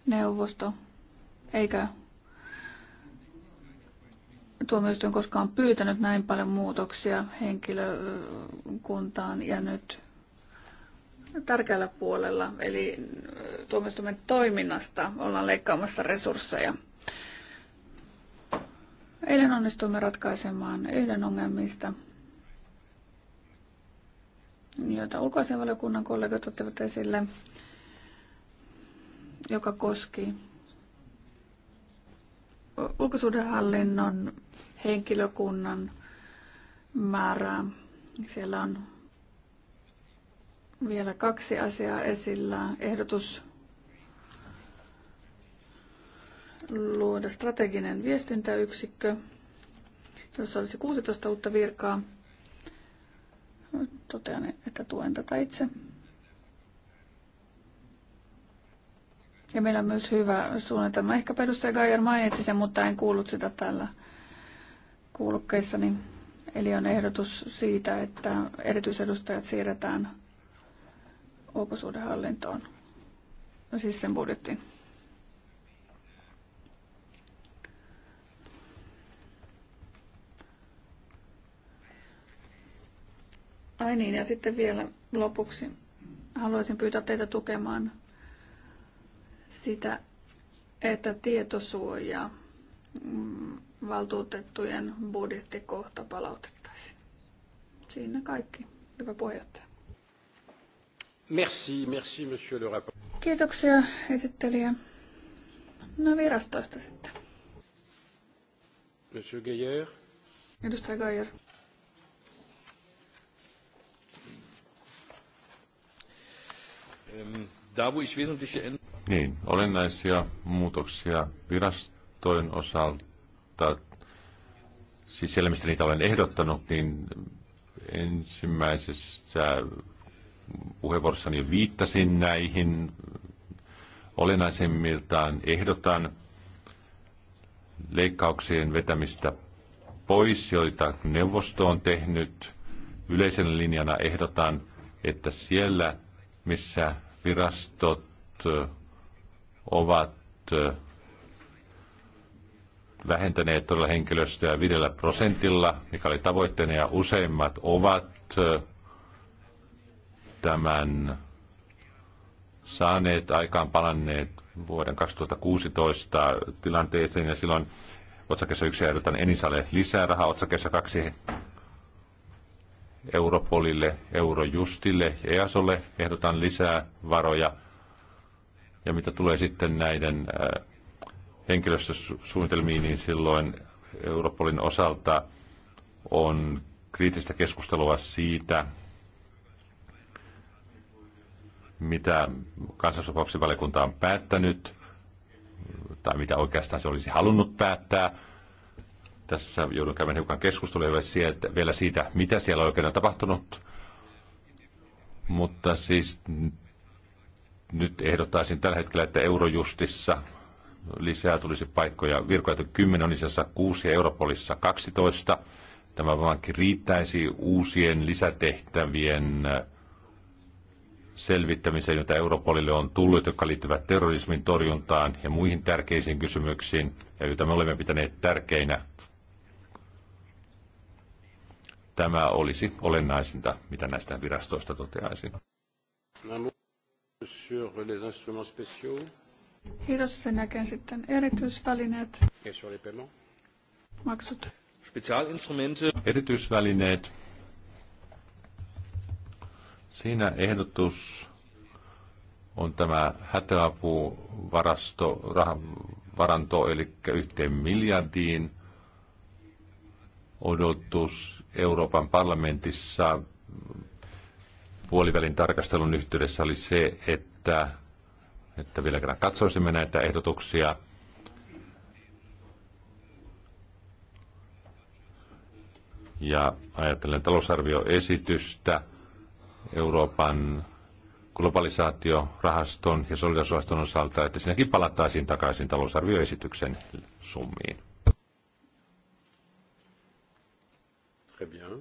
neuvosto eikä tuomioistuin koskaan pyytänyt näin paljon muutoksia henkilökuntaan ja nyt tärkeällä puolella, eli tuomioistuimen toiminnasta ollaan leikkaamassa resursseja. Eilen onnistuimme ratkaisemaan yhden ongelmista, joita ulkoasianvaliokunnan kollegat ottivat esille, joka koski ulkosuhdehallinnon henkilökunnan määrää. Siellä on vielä kaksi asiaa esillä. Ehdotus luoda strateginen viestintäyksikkö, jossa olisi 16 uutta virkaa. Totean, että tuen tätä itse. Ja meillä on myös hyvä suunnitelma. Ehkä edustaja Geier mainitsi sen, mutta en kuullut sitä täällä kuulokkeissani. Eli on ehdotus siitä, että erityisedustajat siirretään ulkosuhdehallintoon, no siis sen budjettiin. Ai niin, ja sitten vielä lopuksi haluaisin pyytää teitä tukemaan sitä, että tietosuojaa mm, valtuutettujen budjettikohta palautettaisiin. Siinä kaikki. Hyvä puheenjohtaja. Merci, merci, monsieur le rapport. Kiitoksia esittelijä. No virastoista sitten. Monsieur Geyer. Edustaja Geyer. Ähm, da, wo ich wesentliche Änderungen niin, olennaisia muutoksia virastojen osalta, siis siellä mistä niitä olen ehdottanut, niin ensimmäisessä puheenvuorossani viittasin näihin. olennaisimmiltaan ehdotan leikkauksien vetämistä pois, joita neuvosto on tehnyt. Yleisenä linjana ehdotan, että siellä, missä virastot ovat vähentäneet todella henkilöstöä 5 prosentilla, mikä oli tavoitteena, ja useimmat ovat tämän saaneet aikaan palanneet vuoden 2016 tilanteeseen, ja silloin otsakessa yksi ehdotan Enisalle lisää rahaa, otsakessa kaksi Europolille, Eurojustille ja EASOlle ehdotan lisää varoja – ja mitä tulee sitten näiden äh, henkilöstösuunnitelmiin, niin silloin Europolin osalta on kriittistä keskustelua siitä, mitä kansansopauksen valiokunta on päättänyt, tai mitä oikeastaan se olisi halunnut päättää. Tässä joudun käymään hiukan keskustelua vielä siitä, mitä siellä oikein on tapahtunut. Mutta siis nyt ehdottaisin tällä hetkellä, että Eurojustissa lisää tulisi paikkoja. Virkoja 10 on lisässä 6 ja Europolissa 12. Tämä vaankin riittäisi uusien lisätehtävien äh, selvittämiseen, joita Europolille on tullut, jotka liittyvät terrorismin torjuntaan ja muihin tärkeisiin kysymyksiin, ja joita me olemme pitäneet tärkeinä. Tämä olisi olennaisinta, mitä näistä virastoista toteaisin. No, Sur les instruments spéciaux. Kiitos. Sen jälkeen sitten erityisvälineet. Et sur les paiements. Maksut. Spezialinstrumente. Erityisvälineet. Siinä ehdotus on tämä hätäapuvarasto, varanto, eli yhteen miljardiin odotus Euroopan parlamentissa puolivälin tarkastelun yhteydessä oli se, että, että vielä kerran katsoisimme näitä ehdotuksia. Ja ajattelen talousarvioesitystä Euroopan globalisaatiorahaston ja solidarisuusrahaston osalta, että sinäkin palattaisiin takaisin talousarvioesityksen summiin. Très bien.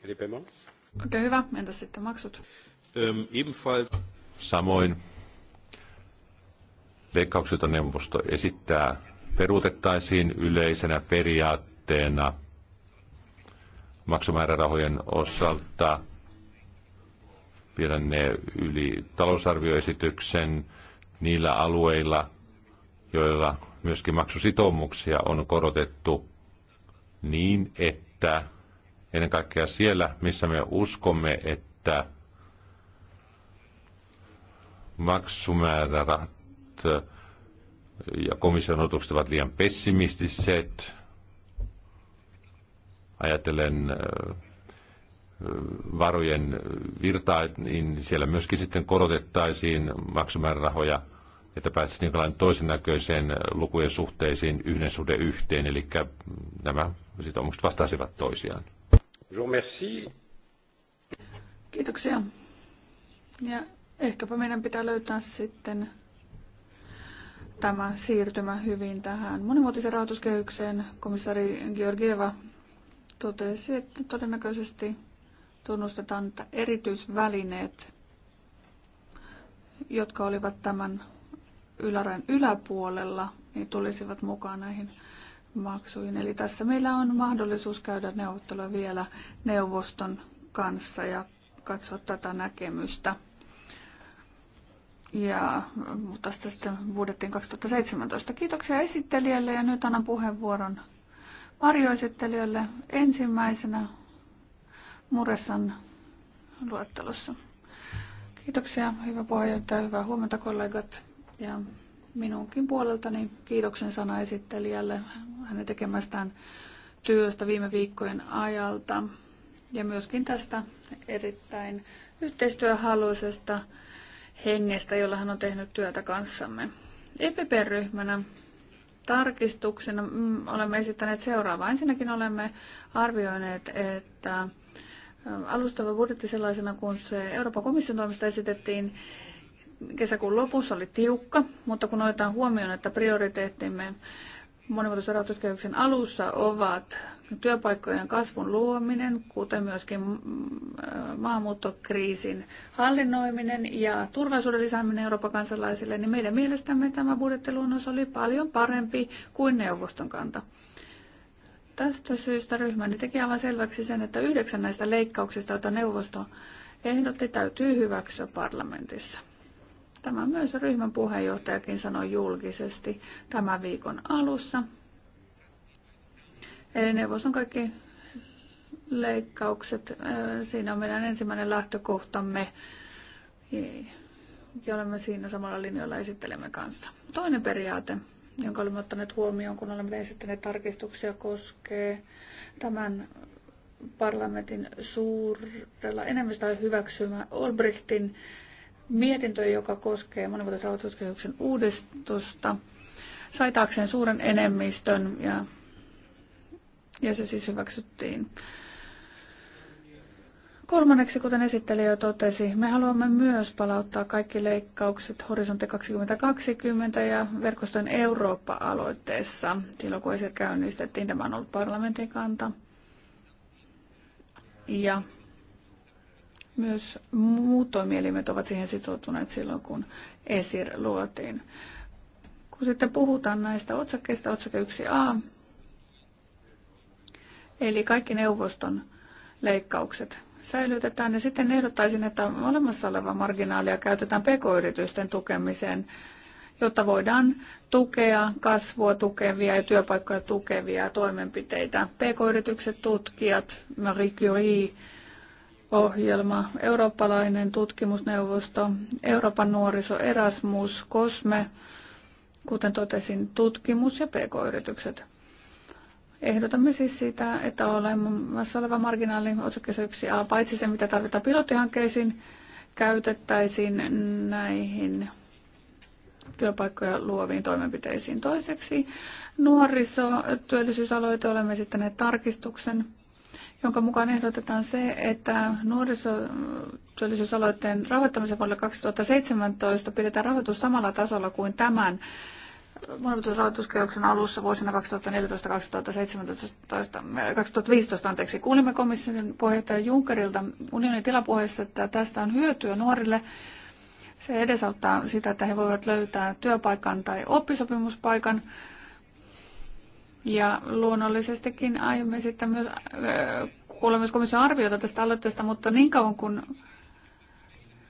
Et les paiements Oikein hyvä. Entäs sitten maksut? Ähm, ebenfalls. Samoin. Leikkauksiltoneuvosto esittää peruutettaisiin yleisenä periaatteena maksumäärärahojen osalta viedä ne yli talousarvioesityksen niillä alueilla, joilla myöskin maksusitoumuksia on korotettu niin, että ennen kaikkea siellä, missä me uskomme, että maksumäärärahat ja komission odotukset ovat liian pessimistiset. Ajatellen äh, varojen virtaa, niin siellä myöskin sitten korotettaisiin maksumäärärahoja, että päästäisiin jonkinlainen toisen näköiseen lukujen suhteisiin yhden suhde yhteen, eli mm, nämä sitoumukset vastaisivat toisiaan. Je vous remercie. Kiitoksia. Ja ehkäpä meidän pitää löytää sitten tämä siirtymä hyvin tähän monimuotoisen rahoituskehykseen. Komissaari Georgieva totesi, että todennäköisesti tunnustetaan, että erityisvälineet, jotka olivat tämän ylärajan yläpuolella, niin tulisivat mukaan näihin maksuihin. Eli tässä meillä on mahdollisuus käydä neuvottelua vielä neuvoston kanssa ja katsoa tätä näkemystä. Ja tästä sitten budjettiin 2017. Kiitoksia esittelijälle ja nyt annan puheenvuoron varjoesittelijöille ensimmäisenä Muressan luettelossa. Kiitoksia, hyvä puheenjohtaja, hyvää huomenta kollegat ja minunkin puoleltani kiitoksen sana esittelijälle hänen tekemästään työstä viime viikkojen ajalta ja myöskin tästä erittäin yhteistyöhaluisesta hengestä, jolla hän on tehnyt työtä kanssamme. EPP-ryhmänä tarkistuksena mm, olemme esittäneet seuraavaa. Ensinnäkin olemme arvioineet, että alustava budjetti sellaisena kuin se Euroopan komission toimesta esitettiin kesäkuun lopussa oli tiukka, mutta kun otetaan huomioon, että prioriteettimme monimuotoisen rahoituskehyksen alussa ovat työpaikkojen kasvun luominen, kuten myöskin mm, äh, maahanmuuttokriisin hallinnoiminen ja turvallisuuden lisääminen Euroopan kansalaisille, niin meidän mielestämme tämä budjettiluonnos oli paljon parempi kuin neuvoston kanta. Tästä syystä ryhmäni teki aivan selväksi sen, että yhdeksän näistä leikkauksista, joita neuvosto ehdotti, täytyy hyväksyä parlamentissa. Tämä myös ryhmän puheenjohtajakin sanoi julkisesti tämän viikon alussa. Eli neuvoston kaikki leikkaukset, siinä on meidän ensimmäinen lähtökohtamme ja olemme siinä samalla linjalla esittelemme kanssa. Toinen periaate, jonka olemme ottaneet huomioon, kun olemme esittäneet tarkistuksia, koskee tämän parlamentin suurella enemmistöllä hyväksymä Olbrichtin mietintö, joka koskee monivuotisen rahoituskehyksen uudistusta, sai taakseen suuren enemmistön ja, ja se siis hyväksyttiin. Kolmanneksi, kuten esittelijä jo totesi, me haluamme myös palauttaa kaikki leikkaukset Horisontti 2020 ja verkoston Eurooppa-aloitteessa. Silloin kun se käynnistettiin, tämä on ollut parlamentin kanta. Ja myös muutoimielimet ovat siihen sitoutuneet silloin, kun ESIR luotiin. Kun sitten puhutaan näistä otsakkeista, otsake 1a, eli kaikki neuvoston leikkaukset säilytetään, ja niin sitten ehdottaisin, että olemassa olevaa marginaalia käytetään pk-yritysten tukemiseen, jotta voidaan tukea kasvua tukevia ja työpaikkoja tukevia toimenpiteitä. PK-yritykset, tutkijat, Marie Curie, ohjelma, eurooppalainen tutkimusneuvosto, Euroopan nuoriso, Erasmus, Cosme, kuten totesin, tutkimus ja pk-yritykset. Ehdotamme siis sitä, että olemassa oleva marginaali otsakkeessa 1a, paitsi se mitä tarvitaan pilottihankkeisiin, käytettäisiin näihin työpaikkoja luoviin toimenpiteisiin. Toiseksi nuoriso, olemme esittäneet tarkistuksen jonka mukaan ehdotetaan se, että nuorisotyöllisyysaloitteen rahoittamisen vuodelle 2017 pidetään rahoitus samalla tasolla kuin tämän monimuotoisen alussa vuosina 2014-2015 anteeksi, kuulimme komission puheenjohtaja Junckerilta unionin tilapuheessa, että tästä on hyötyä nuorille. Se edesauttaa sitä, että he voivat löytää työpaikan tai oppisopimuspaikan. Ja luonnollisestikin aiomme sitten myös äh, kuulla myös komission arviota tästä aloitteesta, mutta niin kauan kuin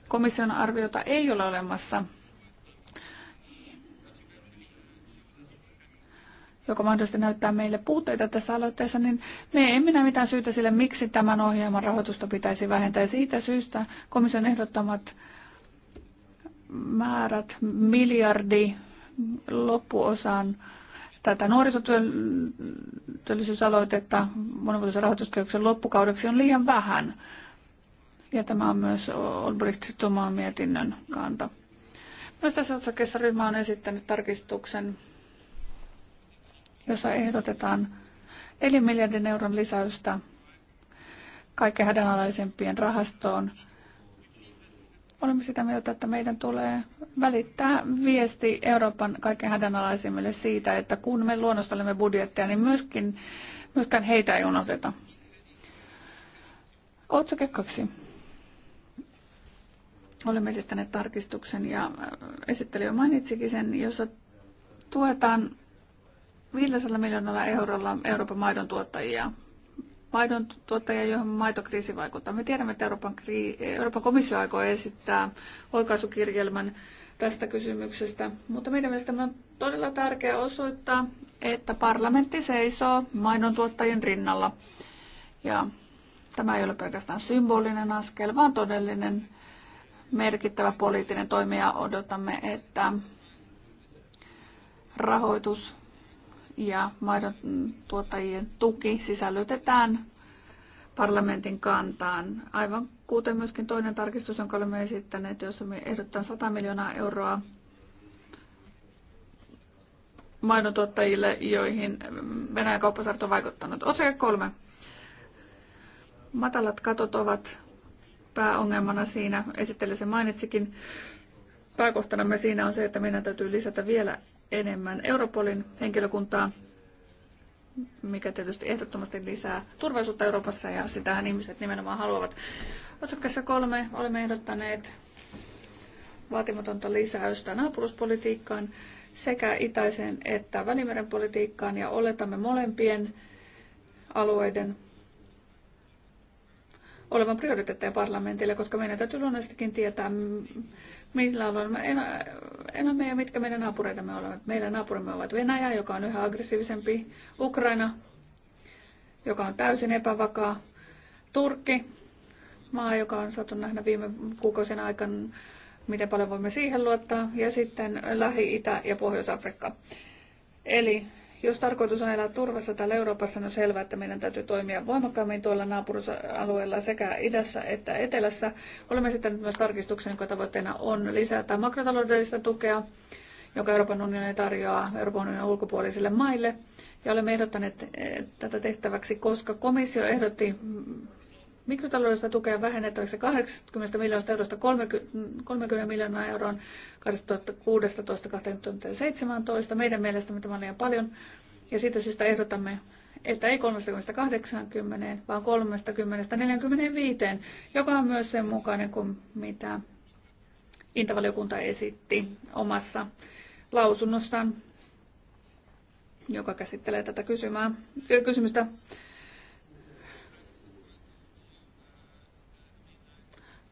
komission arviota ei ole olemassa, joka mahdollisesti näyttää meille puutteita tässä aloitteessa, niin me emme näe mitään syytä sille, miksi tämän ohjelman rahoitusta pitäisi vähentää. Ja siitä syystä komission ehdottamat määrät miljardi loppuosaan, tätä nuorisotyöllisyysaloitetta monivuotisen rahoituskehyksen loppukaudeksi on liian vähän. Ja tämä on myös Olbricht Tomaan mietinnön kanta. Myös tässä otsakkeessa ryhmä on esittänyt tarkistuksen, jossa ehdotetaan 4 miljardin euron lisäystä kaikkein hädänalaisempien rahastoon – Olemme sitä mieltä, että meidän tulee välittää viesti Euroopan kaikkein hädänalaisimmille siitä, että kun me luonnostelemme budjettia, niin myöskin, myöskään heitä ei unohdeta. Otsake kaksi. Olemme esittäneet tarkistuksen ja äh, jo mainitsikin sen, jossa tuetaan 500 miljoonalla eurolla Euroopan maidon tuottajia maidon tuottajia, joihin maitokriisi vaikuttaa. Me tiedämme, että Euroopan, Euroopan komissio aikoo esittää oikaisukirjelmän tästä kysymyksestä, mutta meidän mielestämme on todella tärkeää osoittaa, että parlamentti seisoo maidon tuottajien rinnalla. Ja tämä ei ole pelkästään symbolinen askel, vaan todellinen merkittävä poliittinen toimija. Odotamme, että rahoitus ja maidon tuottajien tuki sisällytetään parlamentin kantaan, aivan kuten myöskin toinen tarkistus, jonka olemme esittäneet, jossa me ehdotetaan 100 miljoonaa euroa maidontuottajille, joihin Venäjän kauppasarto on vaikuttanut. Otsake kolme. Matalat katot ovat pääongelmana siinä, esittelijä se mainitsikin. Pääkohtanamme siinä on se, että meidän täytyy lisätä vielä enemmän Europolin henkilökuntaa, mikä tietysti ehdottomasti lisää turvallisuutta Euroopassa ja sitähän ihmiset nimenomaan haluavat. Otsakkeessa kolme olemme ehdottaneet vaatimatonta lisäystä naapuruspolitiikkaan sekä itäisen että välimeren politiikkaan ja oletamme molempien alueiden olevan prioriteetteja parlamentille, koska meidän täytyy luonnollisestikin tietää, millä alueella en elämme meidän, mitkä meidän naapureita me olemme? Meidän naapurimme ovat Venäjä, joka on yhä aggressiivisempi, Ukraina, joka on täysin epävakaa, Turkki, maa, joka on saatu nähdä viime kuukausien aikana, miten paljon voimme siihen luottaa, ja sitten Lähi-Itä ja Pohjois-Afrikka. Eli jos tarkoitus on elää turvassa täällä Euroopassa, niin on selvää, että meidän täytyy toimia voimakkaammin tuolla naapurusalueella sekä idässä että etelässä. Olemme sitten myös tarkistuksen, jonka tavoitteena on lisätä makrotaloudellista tukea, joka Euroopan unioni tarjoaa Euroopan unionin ulkopuolisille maille. Ja olemme ehdottaneet eh, tätä tehtäväksi, koska komissio ehdotti Mikrotaloudellista tukea vähennettäväksi 80 miljoonasta eurosta 30 miljoonaa euroon 2016-2017. Meidän mielestämme tämä on liian paljon ja siitä syystä ehdotamme, että ei 30-80, vaan 30-45, joka on myös sen mukainen kuin mitä Intavaliokunta esitti omassa lausunnossaan, joka käsittelee tätä kysymää, kysymystä.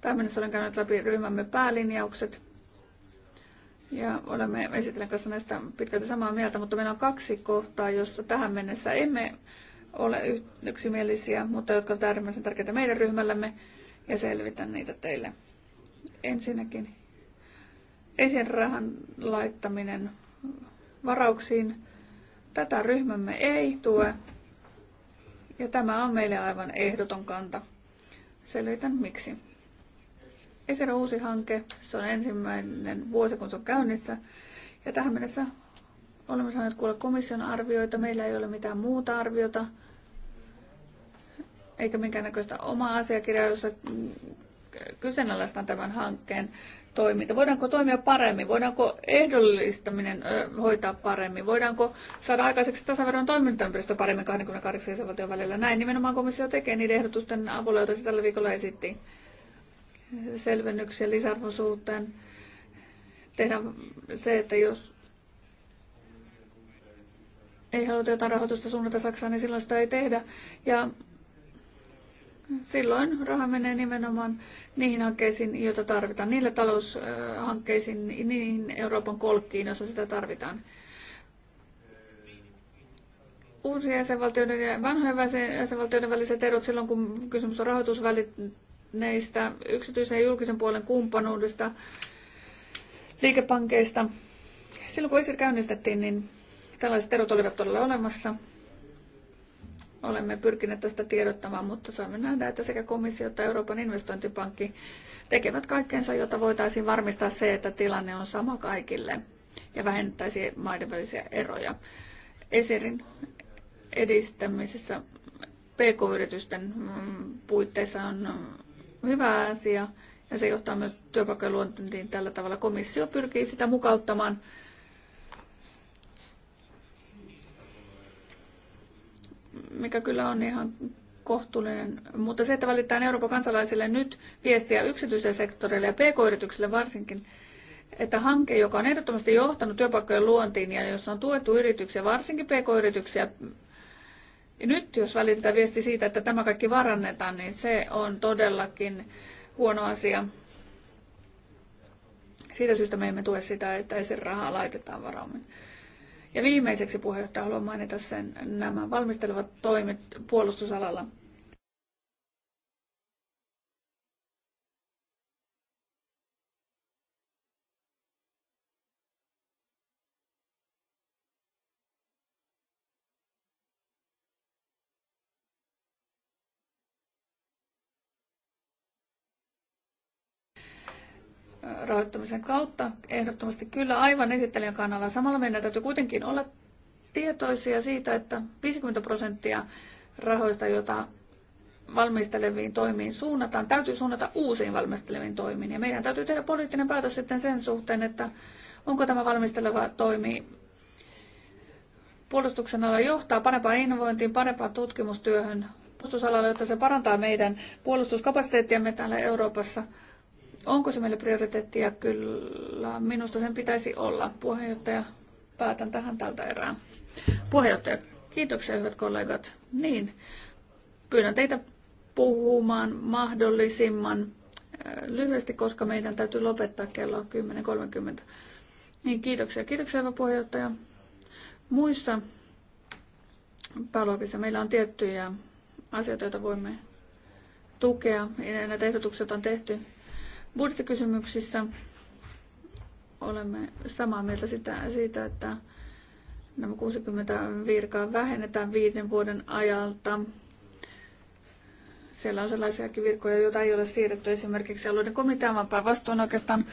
Tähän mennessä olen käynyt läpi ryhmämme päälinjaukset ja olemme esitellen kanssa näistä pitkälti samaa mieltä, mutta meillä on kaksi kohtaa, joissa tähän mennessä emme ole yksimielisiä, mutta jotka ovat äärimmäisen tärkeitä meidän ryhmällemme ja selvitän niitä teille. Ensinnäkin esien rahan laittaminen varauksiin. Tätä ryhmämme ei tue ja tämä on meille aivan ehdoton kanta. Selvitän miksi. Esero uusi hanke, se on ensimmäinen vuosi, kun se on käynnissä. Ja tähän mennessä olemme saaneet kuulla komission arvioita, meillä ei ole mitään muuta arviota, eikä minkäännäköistä omaa asiakirjaa, jossa kyseenalaistaan tämän hankkeen toiminta? Voidaanko toimia paremmin? Voidaanko ehdollistaminen hoitaa paremmin? Voidaanko saada aikaiseksi tasaveron toimintaympäristö paremmin 28 valtion välillä? Näin nimenomaan komissio tekee niiden ehdotusten avulla, joita se tällä viikolla esitti selvennyksiä lisäarvon suhteen. Tehdä se, että jos ei haluta jotain rahoitusta suunnata Saksaan, niin silloin sitä ei tehdä. Ja silloin raha menee nimenomaan niihin hankkeisiin, joita tarvitaan, niille taloushankkeisiin, niihin Euroopan kolkkiin, joissa sitä tarvitaan. Uusien jäsenvaltioiden ja vanhojen jäsenvaltioiden väliset erot silloin, kun kysymys on rahoitusvälineistä, neistä yksityisen ja julkisen puolen kumppanuudesta, liikepankeista. Silloin kun ESIR käynnistettiin, niin tällaiset erot olivat todella olemassa. Olemme pyrkineet tästä tiedottamaan, mutta saamme nähdä, että sekä komissio että Euroopan investointipankki tekevät kaikkeensa, jotta voitaisiin varmistaa se, että tilanne on sama kaikille ja vähentäisi maiden välisiä eroja. ESIRin edistämisessä PK-yritysten mm, puitteissa on hyvä asia ja se johtaa myös työpaikkojen luontiin tällä tavalla. Komissio pyrkii sitä mukauttamaan mikä kyllä on ihan kohtuullinen. Mutta se, että välitetään Euroopan kansalaisille nyt viestiä yksityiselle sektorille ja pk-yrityksille varsinkin, että hanke, joka on ehdottomasti johtanut työpaikkojen luontiin ja jossa on tuettu yrityksiä, varsinkin pk-yrityksiä, ja nyt jos välitetään viesti siitä, että tämä kaikki varannetaan, niin se on todellakin huono asia. Siitä syystä me emme tue sitä, että esim. rahaa laitetaan varaumin. Ja viimeiseksi puheenjohtaja haluan mainita sen nämä valmistelevat toimet puolustusalalla – rahoittamisen kautta. Ehdottomasti kyllä aivan esittelijän kannalla. Samalla meidän täytyy kuitenkin olla tietoisia siitä, että 50 prosenttia rahoista, joita valmisteleviin toimiin suunnataan, täytyy suunnata uusiin valmisteleviin toimiin. Ja meidän täytyy tehdä poliittinen päätös sitten sen suhteen, että onko tämä valmisteleva toimi puolustuksen alla johtaa parempaan innovointiin, parempaan tutkimustyöhön puolustusalalla, jotta se parantaa meidän puolustuskapasiteettiamme täällä Euroopassa – Onko se meille prioriteetti? Ja kyllä minusta sen pitäisi olla. Puheenjohtaja, päätän tähän tältä erää. Puheenjohtaja, kiitoksia hyvät kollegat. Niin, pyydän teitä puhumaan mahdollisimman äh, lyhyesti, koska meidän täytyy lopettaa kello 10.30. Niin, kiitoksia. Kiitoksia, hyvä puheenjohtaja. Muissa pääluokissa meillä on tiettyjä asioita, joita voimme tukea. Niin, näitä ehdotuksia on tehty. Budjettikysymyksissä olemme samaa mieltä sitä, siitä, että nämä 60 virkaa vähennetään viiden vuoden ajalta. Siellä on sellaisiakin virkoja, joita ei ole siirretty esimerkiksi alueiden komitean, vaan päinvastoin oikeastaan.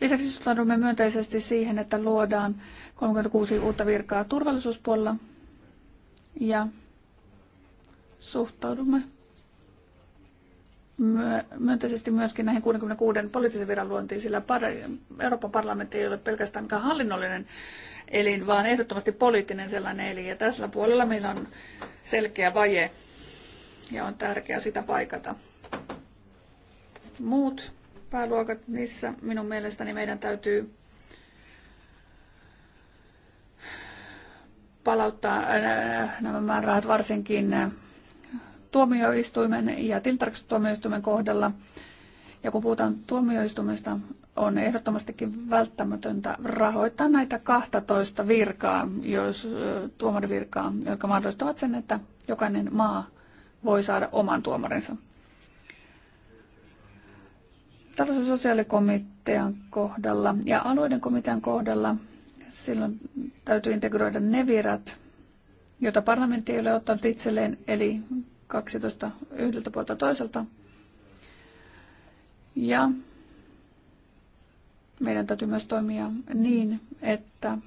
Lisäksi suhtaudumme myönteisesti siihen, että luodaan 36 uutta virkaa turvallisuuspuolella ja suhtaudumme myönteisesti myöskin näihin 66 poliittisen viran luontiin, sillä Euroopan parlamentti ei ole pelkästään mikään hallinnollinen elin, vaan ehdottomasti poliittinen sellainen elin. Ja tässä puolella meillä on selkeä vaje ja on tärkeää sitä paikata. Muut pääluokat, niissä minun mielestäni meidän täytyy palauttaa äh, nämä määrärahat varsinkin äh, tuomioistuimen ja tilintarkastustuomioistuimen kohdalla. Ja kun puhutaan tuomioistuimesta, on ehdottomastikin välttämätöntä rahoittaa näitä 12 virkaa, jos tuomarivirkaa, jotka mahdollistavat sen, että jokainen maa voi saada oman tuomarinsa. Talous- ja sosiaalikomitean kohdalla ja alueiden komitean kohdalla silloin täytyy integroida ne virat, joita parlamentti ei ole ottanut itselleen, eli 12 yhdeltä puolta toiselta. Ja meidän täytyy myös toimia niin, että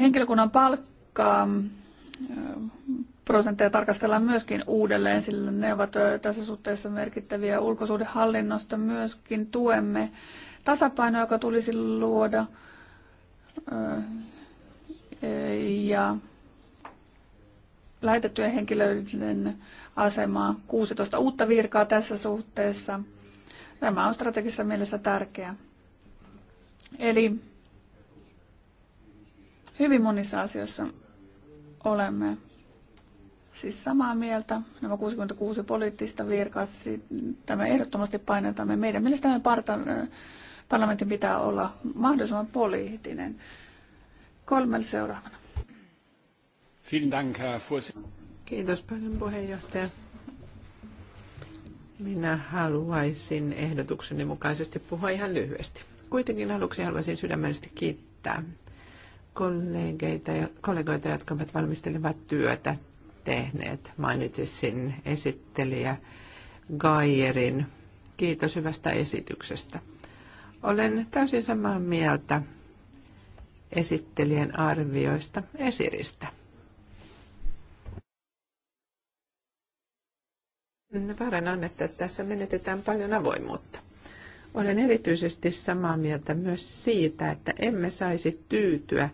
henkilökunnan palkkaa prosentteja tarkastellaan myöskin uudelleen, sillä ne ovat tässä suhteessa merkittäviä. Ulkosuhdehallinnosta myöskin tuemme tasapainoa, joka tulisi luoda ja lähetettyjen henkilöiden asemaa, 16 uutta virkaa tässä suhteessa. Tämä on strategisessa mielessä tärkeä. Eli hyvin monissa asioissa olemme siis samaa mieltä. Nämä 66 poliittista virkaa, tämä ehdottomasti painetaan Meidän mielestämme parlamentin pitää olla mahdollisimman poliittinen. Kolmel seuraavana. Kiitos paljon puheenjohtaja. Minä haluaisin ehdotukseni mukaisesti puhua ihan lyhyesti. Kuitenkin aluksi haluaisin sydämellisesti kiittää kollegeita, kollegoita, jotka ovat valmistelevat työtä tehneet. Mainitsisin esittelijä Gaierin. Kiitos hyvästä esityksestä. Olen täysin samaa mieltä esittelijän arvioista esiristä. Varan on, että tässä menetetään paljon avoimuutta. Olen erityisesti samaa mieltä myös siitä, että emme saisi tyytyä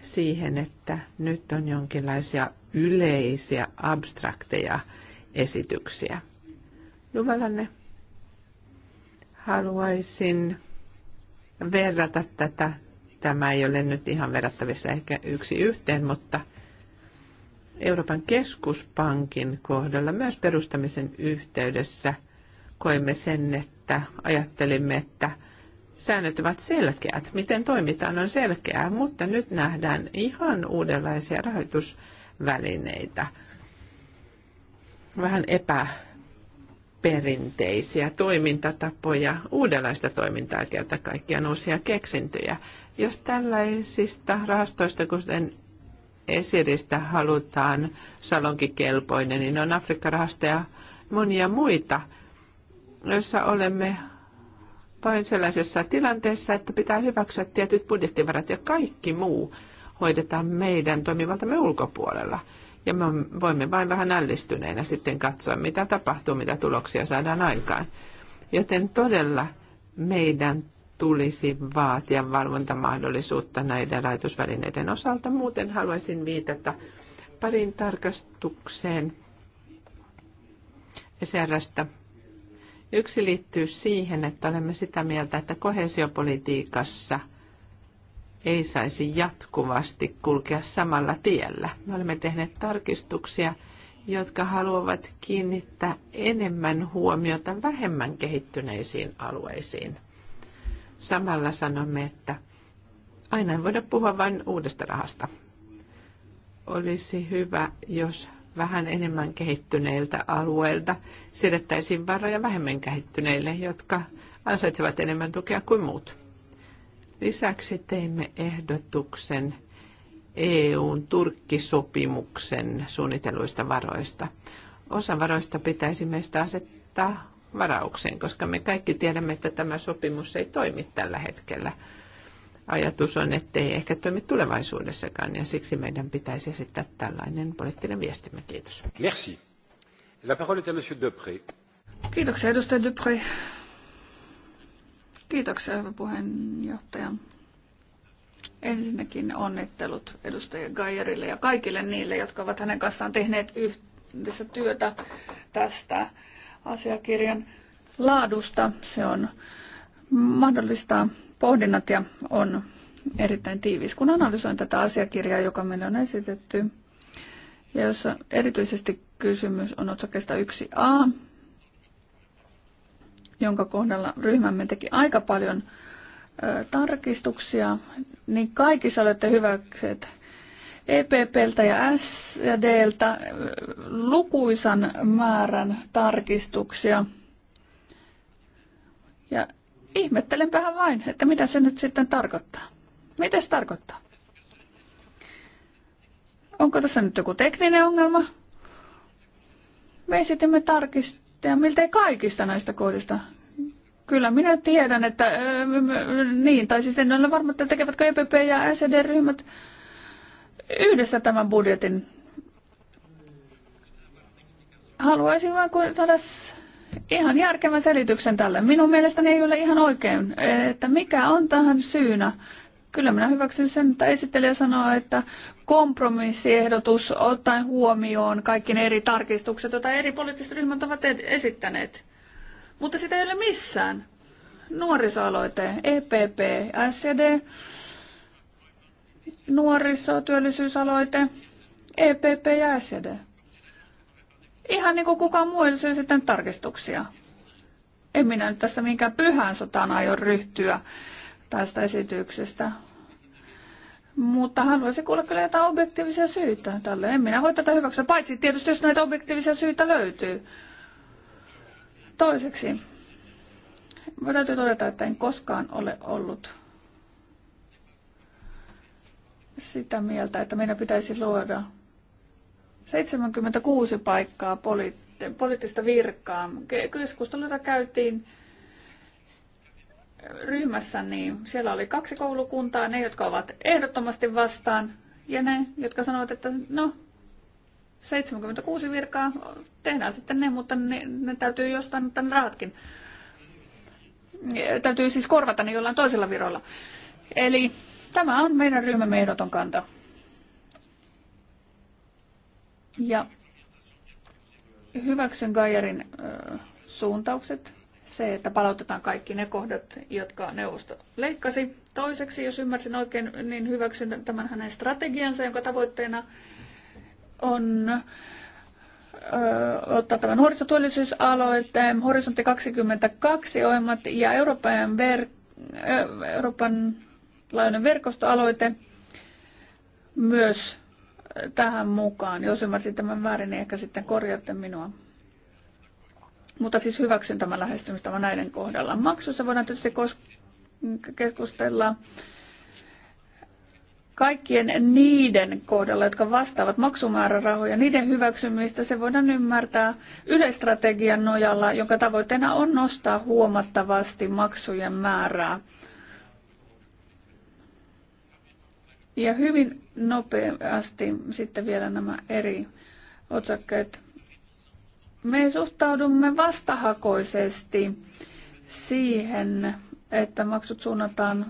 siihen, että nyt on jonkinlaisia yleisiä, abstrakteja esityksiä. Jumalanne, haluaisin verrata tätä Tämä ei ole nyt ihan verrattavissa ehkä yksi yhteen, mutta Euroopan keskuspankin kohdalla myös perustamisen yhteydessä koimme sen, että ajattelimme, että säännöt ovat selkeät, miten toimitaan on selkeää, mutta nyt nähdään ihan uudenlaisia rahoitusvälineitä, vähän epäperinteisiä toimintatapoja, uudenlaista toimintaa kerta kaikkiaan uusia keksintöjä. Jos tällaisista rahastoista, kuten Esiristä halutaan salonkikelpoinen, niin on Afrikka-rahasto ja monia muita, joissa olemme vain sellaisessa tilanteessa, että pitää hyväksyä tietyt budjettivarat ja kaikki muu hoidetaan meidän toimivaltamme ulkopuolella. Ja me voimme vain vähän ällistyneenä sitten katsoa, mitä tapahtuu, mitä tuloksia saadaan aikaan. Joten todella meidän tulisi vaatia valvontamahdollisuutta näiden laitosvälineiden osalta. Muuten haluaisin viitata parin tarkastukseen SRstä. Yksi liittyy siihen, että olemme sitä mieltä, että kohesiopolitiikassa ei saisi jatkuvasti kulkea samalla tiellä. Me olemme tehneet tarkistuksia, jotka haluavat kiinnittää enemmän huomiota vähemmän kehittyneisiin alueisiin – samalla sanomme, että aina ei voida puhua vain uudesta rahasta. Olisi hyvä, jos vähän enemmän kehittyneiltä alueilta siirrettäisiin varoja vähemmän kehittyneille, jotka ansaitsevat enemmän tukea kuin muut. Lisäksi teimme ehdotuksen EUn turkkisopimuksen suunnitelluista varoista. Osa varoista pitäisi meistä asettaa varaukseen, koska me kaikki tiedämme, että tämä sopimus ei toimi tällä hetkellä. Ajatus on, että ei ehkä toimi tulevaisuudessakaan, ja siksi meidän pitäisi esittää tällainen poliittinen viestimme. Kiitos. Merci. La parole est à Monsieur Dupré. Kiitoksia, edustaja Dupré. Kiitoksia, hyvä puheenjohtaja. Ensinnäkin onnittelut edustaja Gajerille ja kaikille niille, jotka ovat hänen kanssaan tehneet yhdessä työtä tästä asiakirjan laadusta. Se on mahdollista pohdinnat ja on erittäin tiivis. Kun analysoin tätä asiakirjaa, joka meille on esitetty, ja jos erityisesti kysymys on otsakkeesta 1a, jonka kohdalla ryhmämme teki aika paljon tarkistuksia, niin kaikissa olette hyväkset EPPltä ja SDltä lukuisan määrän tarkistuksia. Ja ihmettelen vähän vain, että mitä se nyt sitten tarkoittaa. Mitä se tarkoittaa? Onko tässä nyt joku tekninen ongelma? Me esitimme tarkistaa miltei kaikista näistä kohdista. Kyllä minä tiedän, että öö, niin, tai siis en ole varma, että tekevätkö EPP ja SED-ryhmät yhdessä tämän budjetin. Haluaisin vain saada ihan järkevän selityksen tälle. Minun mielestäni ei ole ihan oikein, että mikä on tähän syynä. Kyllä minä hyväksyn sen, että esittelijä sanoo, että kompromissiehdotus ottaen huomioon kaikki ne eri tarkistukset, joita eri poliittiset ryhmät ovat esittäneet. Mutta sitä ei ole missään. Nuorisoaloite, EPP, SCD, nuorisotyöllisyysaloite, EPP ja SED. Ihan niin kuin kukaan muu ei sitten tarkistuksia. En minä nyt tässä minkään pyhään sotaan aio ryhtyä tästä esityksestä. Mutta haluaisin kuulla kyllä jotain objektiivisia syitä tälle. En minä voi tätä hyväksyä, paitsi tietysti jos näitä objektiivisia syitä löytyy. Toiseksi, mä täytyy todeta, että en koskaan ole ollut sitä mieltä, että meidän pitäisi luoda 76 paikkaa poliitt- poliittista virkaa. Keskusteluita käytiin ryhmässä, niin siellä oli kaksi koulukuntaa, ne jotka ovat ehdottomasti vastaan ja ne, jotka sanovat, että no, 76 virkaa, tehdään sitten ne, mutta ne, ne täytyy jostain tämän rahatkin. Täytyy siis korvata ne jollain toisella virolla. Eli Tämä on meidän ryhmämme ehdoton kanta. Ja hyväksyn äh, suuntaukset. Se, että palautetaan kaikki ne kohdat, jotka neuvosto leikkasi. Toiseksi, jos ymmärsin oikein, niin hyväksyn tämän hänen strategiansa, jonka tavoitteena on ö, ottaa tämä nuorisotyöllisyysaloite, Horisontti 22 ohjelmat ja Euroopan, ver- Euroopan laajainen verkostoaloite myös tähän mukaan. Jos ymmärsin tämän väärin, niin ehkä sitten korjaatte minua. Mutta siis hyväksyn tämän lähestymistavan näiden kohdalla. Maksussa voidaan tietysti keskustella kaikkien niiden kohdalla, jotka vastaavat maksumäärärahoja, niiden hyväksymistä se voidaan ymmärtää yleistrategian nojalla, jonka tavoitteena on nostaa huomattavasti maksujen määrää Ja hyvin nopeasti sitten vielä nämä eri otsakkeet. Me suhtaudumme vastahakoisesti siihen, että maksut suunnataan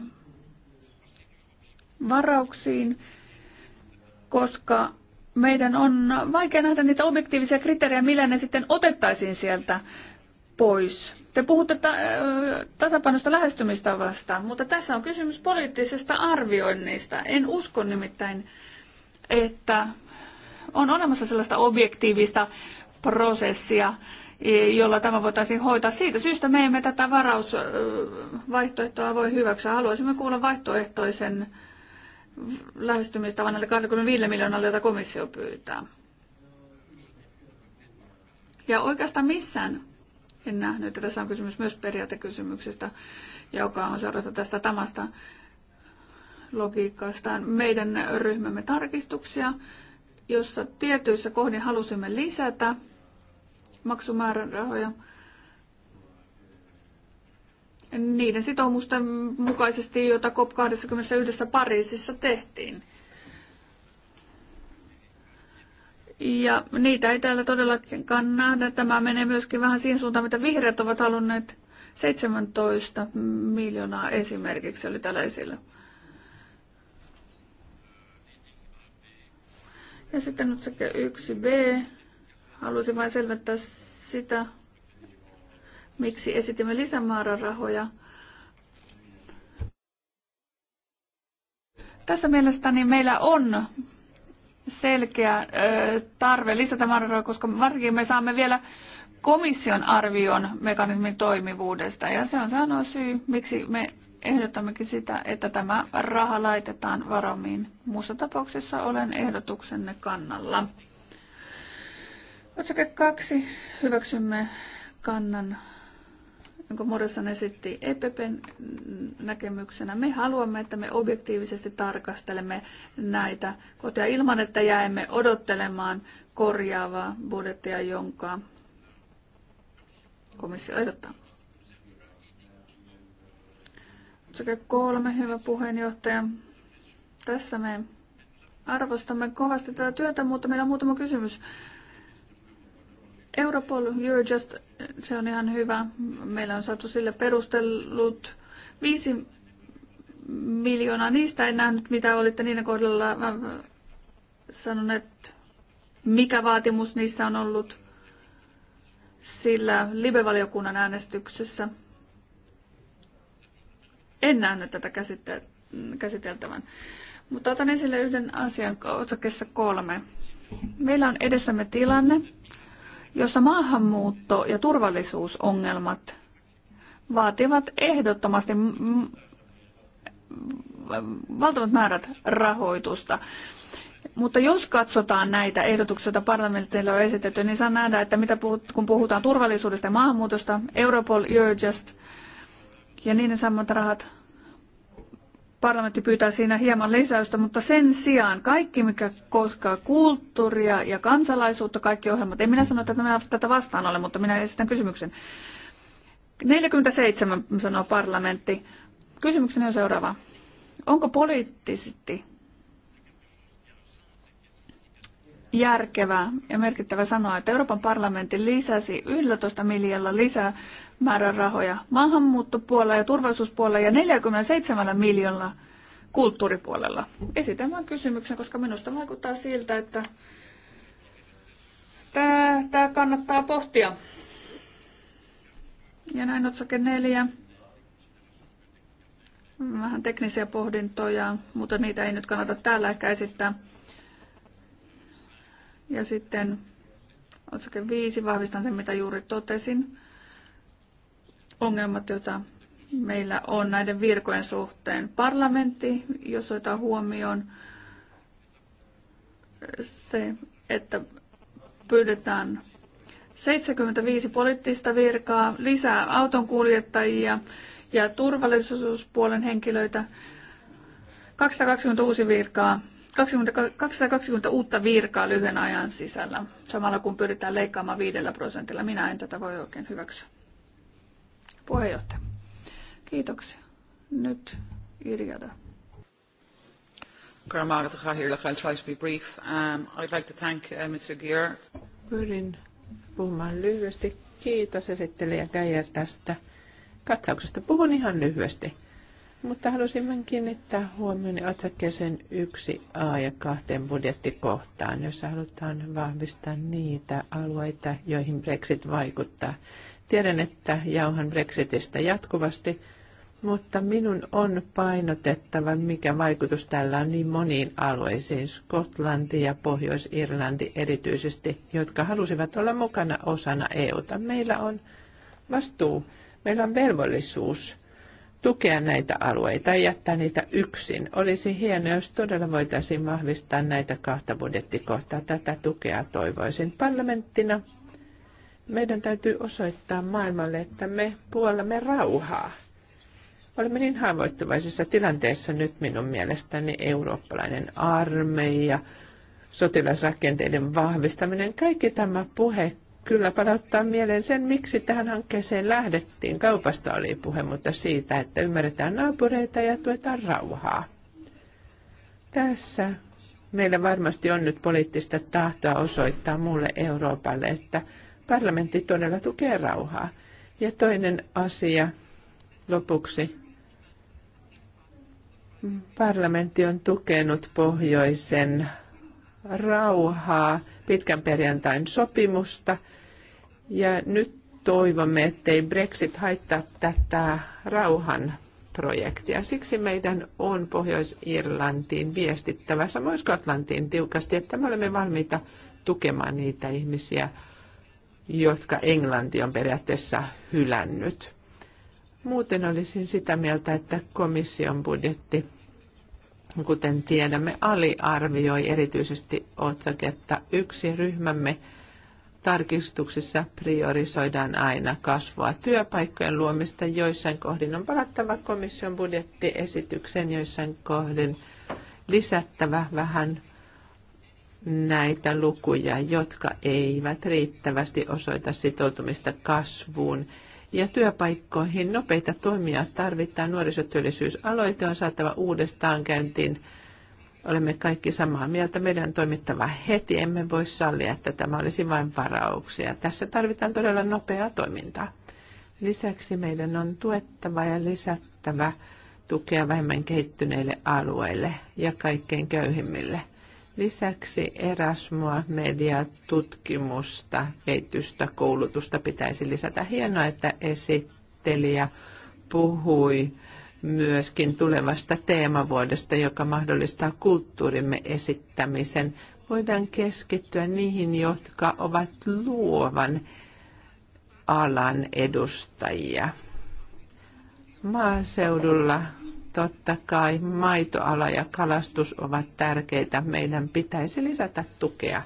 varauksiin, koska meidän on vaikea nähdä niitä objektiivisia kriteerejä, millä ne sitten otettaisiin sieltä pois. Te puhutte ta- äh, tasapainosta lähestymistavasta, mutta tässä on kysymys poliittisesta arvioinnista. En usko nimittäin, että on olemassa sellaista objektiivista prosessia, e, jolla tämä voitaisiin hoitaa. Siitä syystä me emme tätä varausvaihtoehtoa äh, voi hyväksyä. Haluaisimme kuulla vaihtoehtoisen lähestymistavan näille 25 miljoonalle, jota komissio pyytää. Ja oikeastaan missään en nähnyt. Tässä on kysymys myös periaatekysymyksestä, joka on seurasta tästä tamasta logiikastaan meidän ryhmämme tarkistuksia, jossa tietyissä kohdin halusimme lisätä maksumäärärahoja niiden sitoumusten mukaisesti, joita COP21 Pariisissa tehtiin. Ja niitä ei täällä todellakaan nähdä. Tämä menee myöskin vähän siihen suuntaan, mitä vihreät ovat halunneet. 17 miljoonaa esimerkiksi oli täällä esillä. Ja sitten nyt sekä 1b. Haluaisin vain selvittää sitä, miksi esitimme lisämäärärahoja. Tässä mielestäni meillä on selkeä tarve lisätä määrärahoja, koska varsinkin me saamme vielä komission arvion mekanismin toimivuudesta. Ja se on sanoa syy, miksi me ehdotammekin sitä, että tämä raha laitetaan varamiin. Muussa tapauksessa olen ehdotuksenne kannalla. Otsake kaksi. Hyväksymme kannan jonka Morrison esitti EPPn näkemyksenä. Me haluamme, että me objektiivisesti tarkastelemme näitä koteja ilman, että jäämme odottelemaan korjaavaa budjettia, jonka komissio ehdottaa. Sekä kolme, hyvä puheenjohtaja. Tässä me arvostamme kovasti tätä työtä, mutta meillä on muutama kysymys Europol, Eurojust, se on ihan hyvä. Meillä on saatu sille perustelut. Viisi miljoonaa niistä en nähnyt, mitä olitte niiden kohdalla sanoneet, mikä vaatimus niissä on ollut sillä libevaliokunnan äänestyksessä. En nähnyt tätä käsiteltävän. Mutta otan esille yhden asian otsakessa kolme. Meillä on edessämme tilanne, jossa maahanmuutto- ja turvallisuusongelmat vaativat ehdottomasti valtavat määrät rahoitusta. Mutta jos katsotaan näitä ehdotuksia, joita parlamentille on esitetty, niin saa nähdä, että mitä puhut, kun puhutaan turvallisuudesta ja maahanmuutosta, Europol, Eurojust ja niiden samat rahat parlamentti pyytää siinä hieman lisäystä, mutta sen sijaan kaikki, mikä koskaa kulttuuria ja kansalaisuutta, kaikki ohjelmat, en minä sano, että minä tätä vastaan ole, mutta minä esitän kysymyksen. 47 sanoo parlamentti. Kysymykseni on seuraava. Onko poliittisesti järkevä ja merkittävä sanoa, että Euroopan parlamentti lisäsi 11 miljoonalla lisää määrärahoja maahanmuuttopuolella ja turvallisuuspuolella ja 47 miljoonalla kulttuuripuolella. Esitän vain kysymyksen, koska minusta vaikuttaa siltä, että tämä, tämä kannattaa pohtia. Ja näin otsake neljä. Vähän teknisiä pohdintoja, mutta niitä ei nyt kannata täällä ehkä esittää. Ja sitten otsake 5, vahvistan sen mitä juuri totesin. Ongelmat, joita meillä on näiden virkojen suhteen. Parlamentti, jos otetaan huomioon se, että pyydetään 75 poliittista virkaa, lisää autonkuljettajia ja turvallisuuspuolen henkilöitä, 220 uusi virkaa 20, 220 uutta virkaa lyhyen ajan sisällä, samalla kun pyritään leikkaamaan viidellä prosentilla. Minä en tätä voi oikein hyväksyä. Puheenjohtaja. Kiitoksia. Nyt Irjada. Ehm, eh, Pyrin puhumaan lyhyesti. Kiitos esittelijä Geijer tästä katsauksesta. Puhun ihan lyhyesti. Mutta halusin vain kiinnittää huomioon otsakkeeseen 1a ja 2 budjettikohtaan, jossa halutaan vahvistaa niitä alueita, joihin Brexit vaikuttaa. Tiedän, että jauhan Brexitistä jatkuvasti, mutta minun on painotettava, mikä vaikutus tällä on niin moniin alueisiin, Skotlanti ja Pohjois-Irlanti erityisesti, jotka halusivat olla mukana osana EUta. Meillä on vastuu, meillä on velvollisuus tukea näitä alueita ja jättää niitä yksin. Olisi hienoa, jos todella voitaisiin vahvistaa näitä kahta budjettikohtaa. Tätä tukea toivoisin parlamenttina. Meidän täytyy osoittaa maailmalle, että me puolemme rauhaa. Olemme niin haavoittuvaisessa tilanteessa nyt minun mielestäni eurooppalainen armeija, sotilasrakenteiden vahvistaminen, kaikki tämä puhe kyllä palauttaa mieleen sen, miksi tähän hankkeeseen lähdettiin. Kaupasta oli puhe, mutta siitä, että ymmärretään naapureita ja tuetaan rauhaa. Tässä meillä varmasti on nyt poliittista tahtoa osoittaa muulle Euroopalle, että parlamentti todella tukee rauhaa. Ja toinen asia lopuksi. Parlamentti on tukenut pohjoisen rauhaa pitkän perjantain sopimusta. Ja nyt toivomme, ettei Brexit haittaa tätä rauhan projektia. Siksi meidän on Pohjois-Irlantiin viestittävä, samoin Skotlantiin tiukasti, että me olemme valmiita tukemaan niitä ihmisiä, jotka Englanti on periaatteessa hylännyt. Muuten olisin sitä mieltä, että komission budjetti kuten tiedämme, aliarvioi erityisesti otsaketta yksi ryhmämme tarkistuksissa priorisoidaan aina kasvua työpaikkojen luomista. Joissain kohdin on palattava komission budjettiesitykseen, joissain kohdin lisättävä vähän näitä lukuja, jotka eivät riittävästi osoita sitoutumista kasvuun ja työpaikkoihin. Nopeita toimia tarvitaan. Nuorisotyöllisyysaloite on saatava uudestaan käyntiin. Olemme kaikki samaa mieltä. Meidän on toimittava heti. Emme voi sallia, että tämä olisi vain varauksia. Tässä tarvitaan todella nopeaa toimintaa. Lisäksi meidän on tuettava ja lisättävä tukea vähemmän kehittyneille alueille ja kaikkein köyhimmille – Lisäksi Erasmua, media tutkimusta, kehitystä, koulutusta pitäisi lisätä. Hienoa, että esittelijä puhui myöskin tulevasta teemavuodesta, joka mahdollistaa kulttuurimme esittämisen. Voidaan keskittyä niihin, jotka ovat luovan alan edustajia. Maaseudulla Totta kai maitoala ja kalastus ovat tärkeitä. Meidän pitäisi lisätä tukea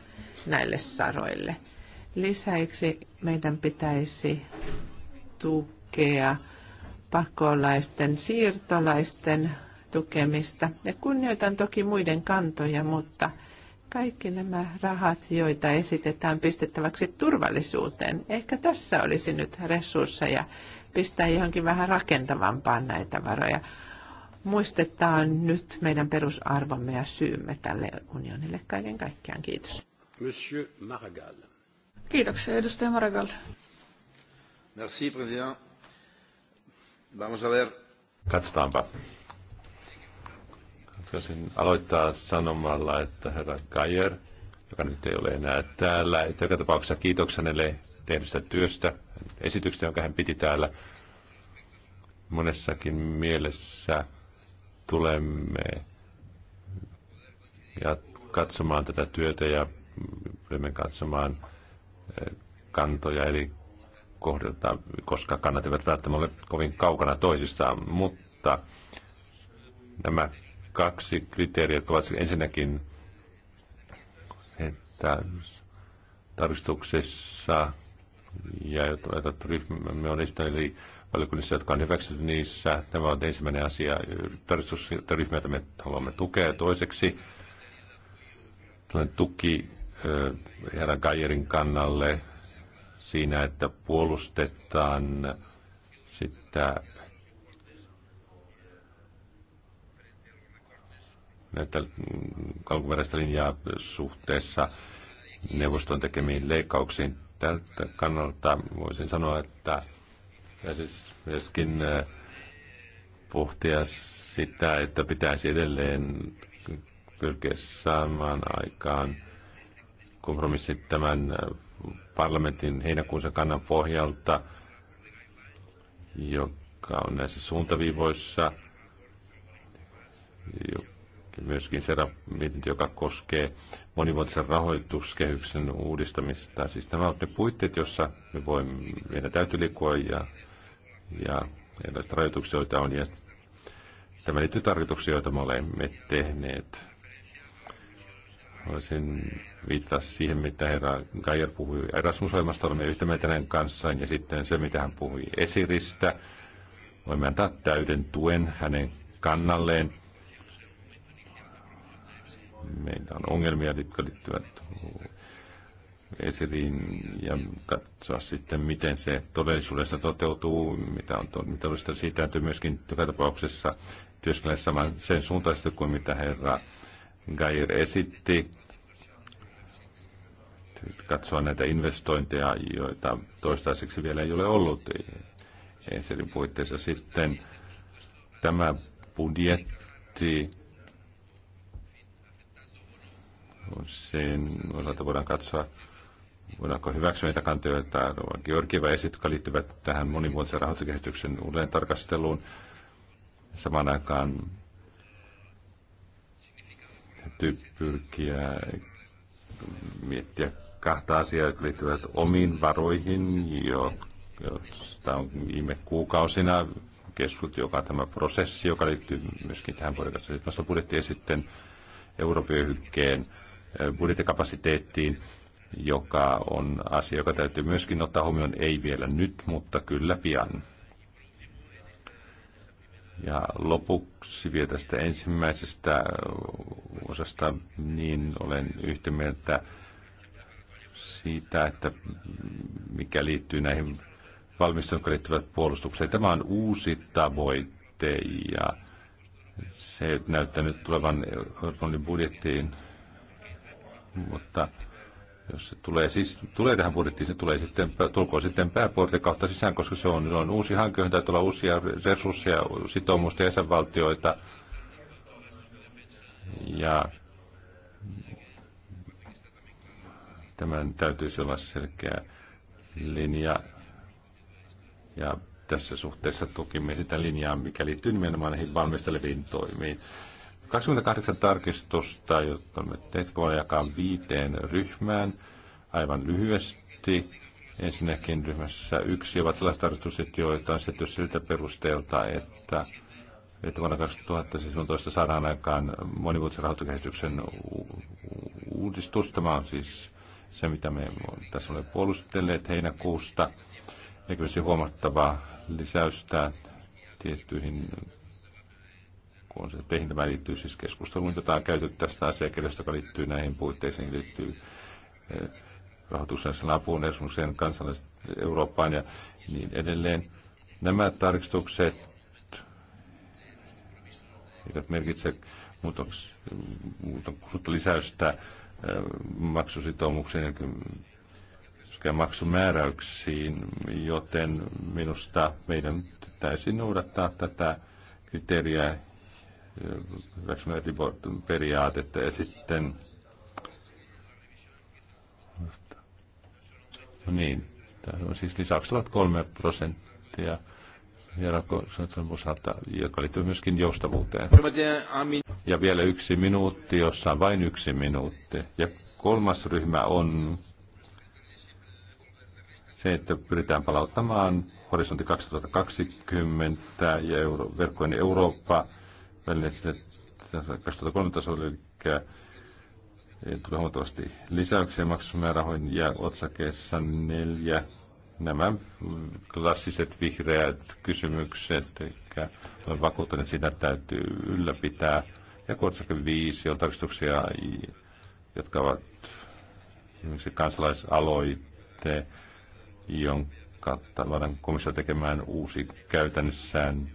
näille saroille. Lisäksi meidän pitäisi tukea pakolaisten, siirtolaisten tukemista. Ja kunnioitan toki muiden kantoja, mutta kaikki nämä rahat, joita esitetään pistettäväksi turvallisuuteen. Ehkä tässä olisi nyt resursseja pistää johonkin vähän rakentavampaan näitä varoja muistetaan nyt meidän perusarvomme ja syymme tälle unionille kaiken kaikkiaan. Kiitos. Monsieur Maragall. Kiitoksia, edustaja Maragall. Merci, president. Vamos a ver. Katsotaanpa. Katsotaan aloittaa sanomalla, että herra Kajer, joka nyt ei ole enää täällä, että joka tapauksessa kiitoksia tehdystä työstä, esityksestä, jonka hän piti täällä monessakin mielessä tulemme ja katsomaan tätä työtä ja tulemme katsomaan eh, kantoja, eli kohdilta, koska kannat eivät välttämättä ole kovin kaukana toisistaan, mutta nämä kaksi kriteeriä, jotka ovat ensinnäkin, että tarkistuksessa ja joita ryhmämme on esittänyt, eli valiokunnissa, jotka on hyväksytty niissä. Tämä on ensimmäinen asia tarkistusryhmä, jota me haluamme tukea. Toiseksi tällainen tuki herran Gajerin kannalle siinä, että puolustetaan sitä näitä alkuperäistä linjaa suhteessa neuvoston tekemiin leikkauksiin. Tältä kannalta voisin sanoa, että ja siis myöskin äh, pohtia sitä, että pitäisi edelleen pyrkiä saamaan aikaan kompromissit tämän äh, parlamentin heinäkuunsa kannan pohjalta, joka on näissä suuntaviivoissa, myöskin se mietintö, joka koskee monivuotisen rahoituskehyksen uudistamista. Siis nämä ovat ne puitteet, joissa me voimme, meidän täytyy liikkua ja ja erilaiset rajoituksia, joita on. Ja tämä liittyy tarkoituksia, joita me olemme tehneet. Voisin viitata siihen, mitä herra Geier puhui Erasmus-ohjelmasta, olemme yhtä mieltä hänen kanssaan, ja sitten se, mitä hän puhui Esiristä. Voimme antaa täyden tuen hänen kannalleen. Meillä on ongelmia, jotka liittyvät Esiin ja katsoa sitten, miten se todellisuudessa toteutuu, mitä on todellista siitä että myöskin joka tapauksessa työskennellä saman sen suuntaisesti kuin mitä herra Gair esitti. Katsoa näitä investointeja, joita toistaiseksi vielä ei ole ollut Ensirin puitteissa sitten tämä budjetti sen osalta voidaan katsoa, voidaanko hyväksyä niitä kantoja, joita Georgieva esit, jotka liittyvät tähän monivuotisen rahoituskehityksen uudelleen tarkasteluun. Samaan aikaan täytyy pyrkiä miettiä kahta asiaa, jotka liittyvät omiin varoihin, josta on viime kuukausina keskut, joka on tämä prosessi, joka liittyy myöskin tähän vuodekasvatuksen budjettiin ja sitten Euroopan eh, budjettikapasiteettiin – joka on asia, joka täytyy myöskin ottaa huomioon, ei vielä nyt, mutta kyllä pian. Ja lopuksi vielä tästä ensimmäisestä osasta, niin olen yhtä mieltä siitä, että mikä liittyy näihin valmisteluun, jotka liittyvät puolustukseen. Tämä on uusi tavoite ja se näyttää nyt tulevan Euroopan budjettiin, mutta jos se tulee, siis, tulee tähän budjettiin, se tulee sitten, tulkoon sitten pääpuolten kautta sisään, koska se on, on uusi hanke, johon täytyy olla uusia resursseja, sitoumusta jäsenvaltioita. Ja tämän täytyisi olla selkeä linja. Ja tässä suhteessa tukimme sitä linjaa, mikä liittyy nimenomaan näihin valmisteleviin toimiin. 28 tarkistusta, jotta me teitä voidaan jakaa viiteen ryhmään aivan lyhyesti. Ensinnäkin ryhmässä yksi ovat sellaiset tarkistukset, joita on sitten siltä perusteelta, että, että vuonna 2017 saadaan aikaan monivuotisen rahoituskehityksen uudistus. Tämä on siis se, mitä me tässä olemme puolustelleet heinäkuusta. Eikö se huomattava lisäystä tiettyihin kun se teihin. Tämä liittyy siis keskusteluun, jota on käyty tästä asiakirjasta, joka liittyy näihin puitteisiin, liittyy eh, rahoituksen apuun, resurssien kansalaiset Eurooppaan ja niin edelleen. Nämä tarkistukset eivät merkitse muutoksuutta lisäystä eh, maksusitoumuksiin ja maksumääräyksiin, joten minusta meidän pitäisi noudattaa tätä kriteeriä, hyväksymme periaatetta ja sitten No niin, tämä on siis lisäksi 3 prosenttia osalta, joka liittyy myöskin joustavuuteen. Ja vielä yksi minuutti, jossa on vain yksi minuutti. Ja kolmas ryhmä on se, että pyritään palauttamaan horisontti 2020 ja euro, verkkojen Eurooppa välille 2003 tasolle, eli tulee huomattavasti lisäyksiä maksusmäärärahoihin ja otsakeessa neljä nämä klassiset vihreät kysymykset, eli olen vakuuttanut, että sitä täytyy ylläpitää. Ja otsake 5 on tarkistuksia, jotka ovat esimerkiksi kansalaisaloite, jonka voidaan komissio tekemään uusi käytännössään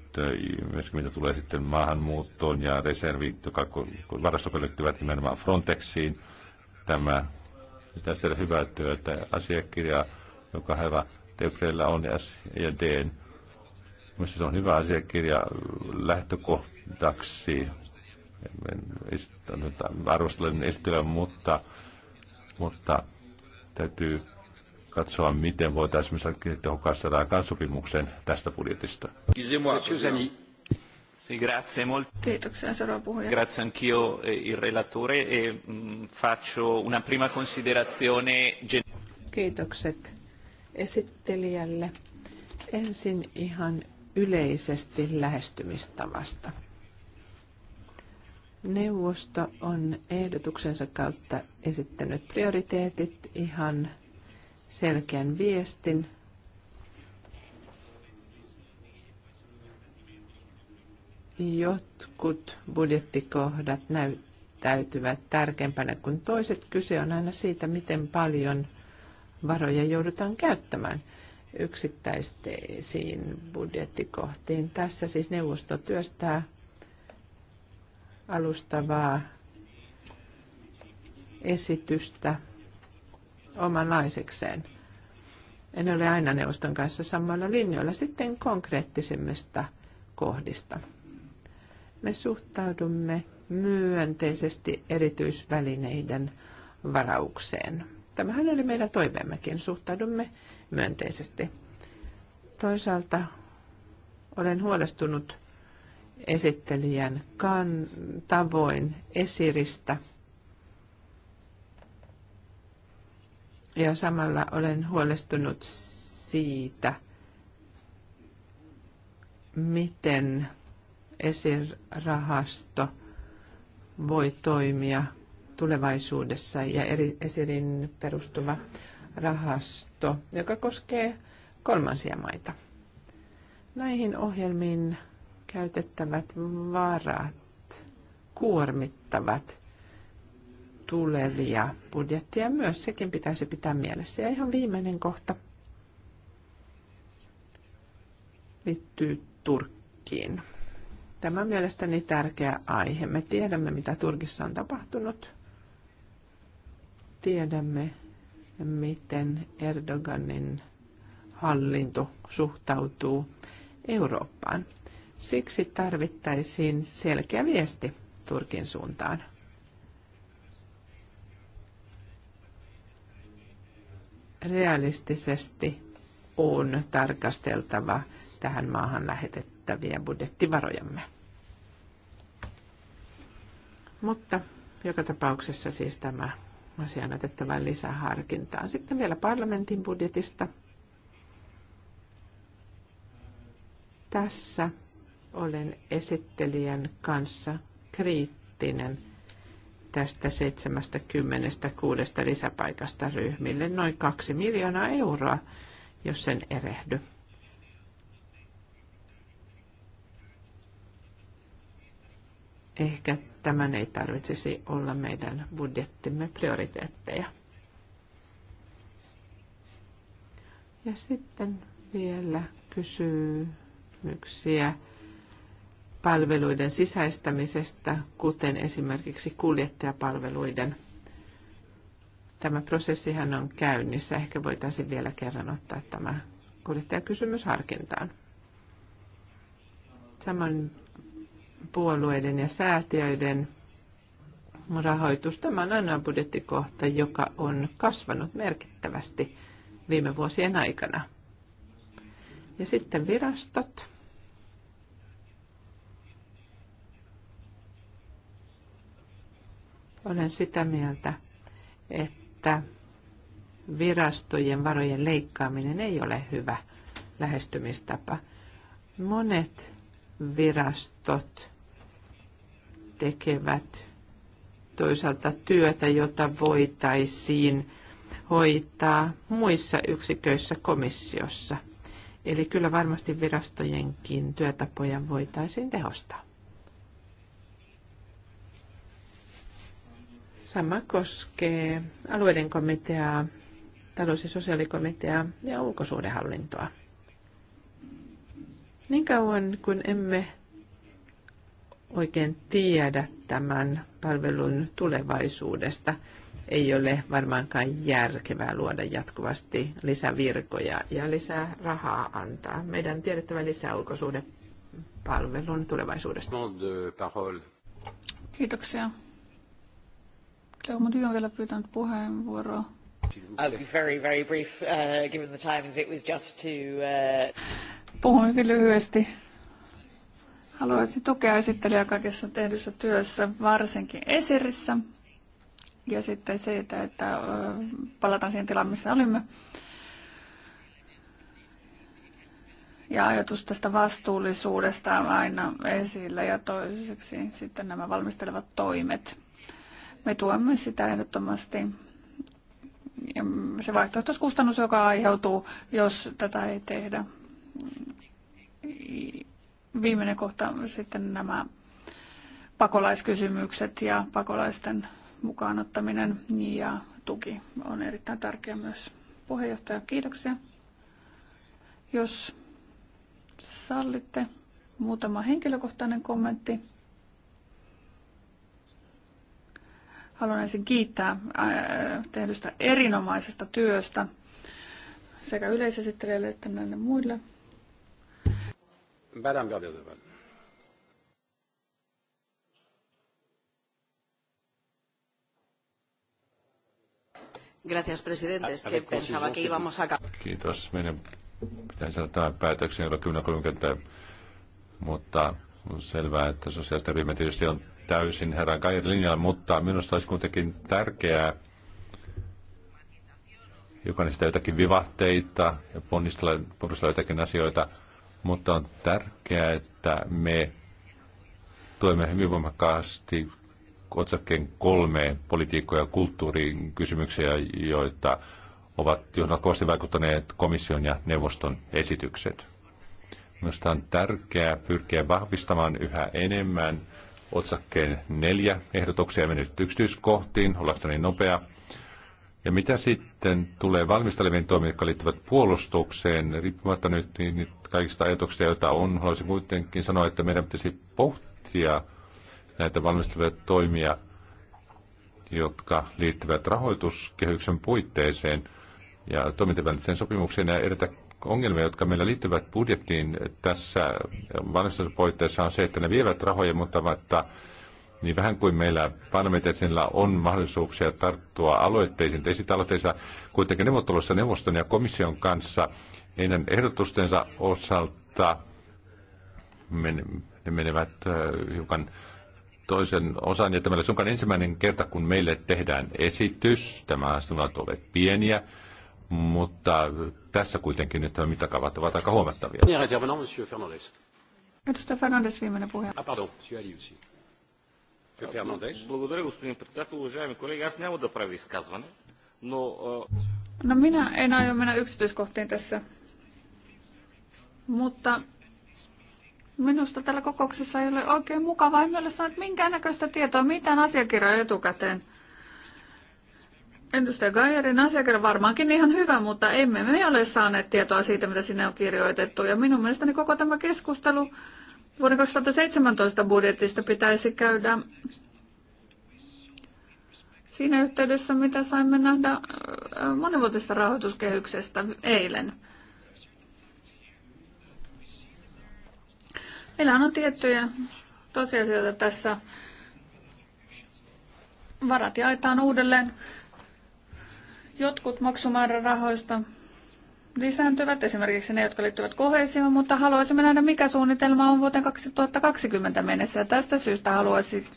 myöskin mitä tulee sitten maahanmuuttoon ja reservi, joka varastoon liittyvät nimenomaan Frontexiin. Tämä pitäisi tehdä hyvää työtä. Asiakirja, joka hyvä Debrellä on S ja D. Minusta se on hyvä asiakirja lähtökohtaksi, Arvostelen esittelyä, mutta, mutta täytyy katsoa, miten voitaisiin tehokkaasti saada kanssopimuksen tästä budjetista. Kiitoksia, seuraava puhuja. Grazie anch'io eh, il relatore e mm, faccio una prima considerazione. Kiitokset esittelijälle. Ensin ihan yleisesti lähestymistavasta. Neuvosto on ehdotuksensa kautta esittänyt prioriteetit ihan selkeän viestin. Jotkut budjettikohdat näyttäytyvät tärkempänä kuin toiset. Kyse on aina siitä, miten paljon varoja joudutaan käyttämään yksittäisiin budjettikohtiin. Tässä siis neuvosto työstää alustavaa esitystä omanlaisekseen. En ole aina neuvoston kanssa samoilla linjoilla. Sitten konkreettisemmista kohdista. Me suhtaudumme myönteisesti erityisvälineiden varaukseen. Tämähän oli meidän toiveemmekin. Suhtaudumme myönteisesti. Toisaalta olen huolestunut esittelijän kan, tavoin esiristä – Ja samalla olen huolestunut siitä, miten esirahasto voi toimia tulevaisuudessa ja eri esirin perustuva rahasto, joka koskee kolmansia maita. Näihin ohjelmiin käytettävät varat kuormittavat tulevia budjetteja myös. Sekin pitäisi pitää mielessä. Ja ihan viimeinen kohta liittyy Turkkiin. Tämä on mielestäni tärkeä aihe. Me tiedämme, mitä Turkissa on tapahtunut. Tiedämme, miten Erdoganin hallinto suhtautuu Eurooppaan. Siksi tarvittaisiin selkeä viesti Turkin suuntaan. realistisesti on tarkasteltava tähän maahan lähetettäviä budjettivarojamme. Mutta joka tapauksessa siis tämä asia on otettava lisää harkintaa. Sitten vielä parlamentin budjetista. Tässä olen esittelijän kanssa kriittinen – tästä 76 lisäpaikasta ryhmille noin 2 miljoonaa euroa, jos sen erehdy. Ehkä tämän ei tarvitsisi olla meidän budjettimme prioriteetteja. Ja sitten vielä kysymyksiä palveluiden sisäistämisestä, kuten esimerkiksi kuljettajapalveluiden. Tämä prosessihan on käynnissä. Ehkä voitaisiin vielä kerran ottaa tämä kuljettajakysymys harkintaan. Samoin puolueiden ja säätiöiden rahoitus. Tämä on ainoa budjettikohta, joka on kasvanut merkittävästi viime vuosien aikana. Ja sitten virastot Olen sitä mieltä, että virastojen varojen leikkaaminen ei ole hyvä lähestymistapa. Monet virastot tekevät toisaalta työtä, jota voitaisiin hoitaa muissa yksiköissä komissiossa. Eli kyllä varmasti virastojenkin työtapoja voitaisiin tehostaa. Sama koskee alueiden komiteaa, talous- ja sosiaalikomiteaa ja ulkosuhdehallintoa. Niin kauan kun emme oikein tiedä tämän palvelun tulevaisuudesta, ei ole varmaankaan järkevää luoda jatkuvasti lisävirkoja ja lisää rahaa antaa. Meidän tiedettävä lisää ulkosuhdepalvelun tulevaisuudesta. Kiitoksia. Leomo on vielä pyytänyt puheenvuoroa. I'll be very, very brief, uh, given the It was just to... Uh... Puhun hyvin lyhyesti. Haluaisin tukea esittelijä kaikessa tehdyssä työssä, varsinkin esirissä. Ja sitten siitä, että palataan siihen tilaan, missä olimme. ja ajatus tästä vastuullisuudesta on aina esillä ja toiseksi sitten nämä valmistelevat toimet. Me tuemme sitä ehdottomasti. Ja se vaihtoehtoiskustannus, joka aiheutuu, jos tätä ei tehdä. Viimeinen kohta sitten nämä pakolaiskysymykset ja pakolaisten mukaanottaminen ja tuki on erittäin tärkeä myös puheenjohtaja. Kiitoksia. Jos sallitte, muutama henkilökohtainen kommentti. Haluan ensin kiittää äh, tehdystä erinomaisesta työstä sekä yleisesittelijälle että näille muille. Gracias, presidente. Es que pensaba no que íbamos a... Kiitos. Meidän pitäisi saada tämän päätöksen 10.30, mutta on selvää, että sosiaalista ryhmä tietysti on täysin herra Gairin linjalla, mutta minusta olisi kuitenkin tärkeää jokainen sitä jotakin vivahteita ja ponnistella, ponnistella jotakin asioita, mutta on tärkeää, että me tuemme hyvin voimakkaasti otsakkeen kolme politiikkoja ja kulttuurin kysymyksiä, joita ovat, joihin vaikuttaneet komission ja neuvoston esitykset. Minusta on tärkeää pyrkiä vahvistamaan yhä enemmän otsakkeen neljä ehdotuksia mennyt yksityiskohtiin, niin nopea. Ja mitä sitten tulee valmisteleviin toimiin, jotka liittyvät puolustukseen, riippumatta nyt niin kaikista ajatuksista, joita on, haluaisin kuitenkin sanoa, että meidän pitäisi pohtia näitä valmistelevia toimia, jotka liittyvät rahoituskehyksen puitteeseen ja toimintaväliseen sopimukseen ja edetä ongelmia, jotka meillä liittyvät budjettiin tässä valmistuspoitteessa on se, että ne vievät rahoja, mutta että niin vähän kuin meillä parlamentaisilla on mahdollisuuksia tarttua aloitteisiin, esitaloitteisiin, kuitenkin neuvottelussa neuvoston ja komission kanssa heidän ehdotustensa osalta ne menevät hiukan toisen osan. Ja tämä on ensimmäinen kerta, kun meille tehdään esitys. Tämä on ovat pieniä mutta tässä kuitenkin nyt mittakaavat ovat aika huomattavia. Edustaja Fernandes, viimeinen puhe. Ah, pardon, monsieur Ali aussi. Благодаря, господин председател. Уважаеми колеги, аз няма да правя изказване, но... No minä en aio mennä yksityiskohtiin tässä, mutta minusta tällä kokouksessa ei ole oikein mukavaa. Emme ole saanut minkäännäköistä tietoa, mitään asiakirjaa etukäteen. Edustaja Gajerin asiakirja varmaankin ihan hyvä, mutta emme me ole saaneet tietoa siitä, mitä sinne on kirjoitettu. Ja minun mielestäni koko tämä keskustelu vuoden 2017 budjetista pitäisi käydä siinä yhteydessä, mitä saimme nähdä äh, monivuotisesta rahoituskehyksestä eilen. Meillä on tiettyjä tosiasioita tässä. Varat jaetaan uudelleen Jotkut maksumäärärahoista lisääntyvät, esimerkiksi ne, jotka liittyvät kohesioon, mutta haluaisimme nähdä, mikä suunnitelma on vuoteen 2020 mennessä. Ja tästä syystä haluaisin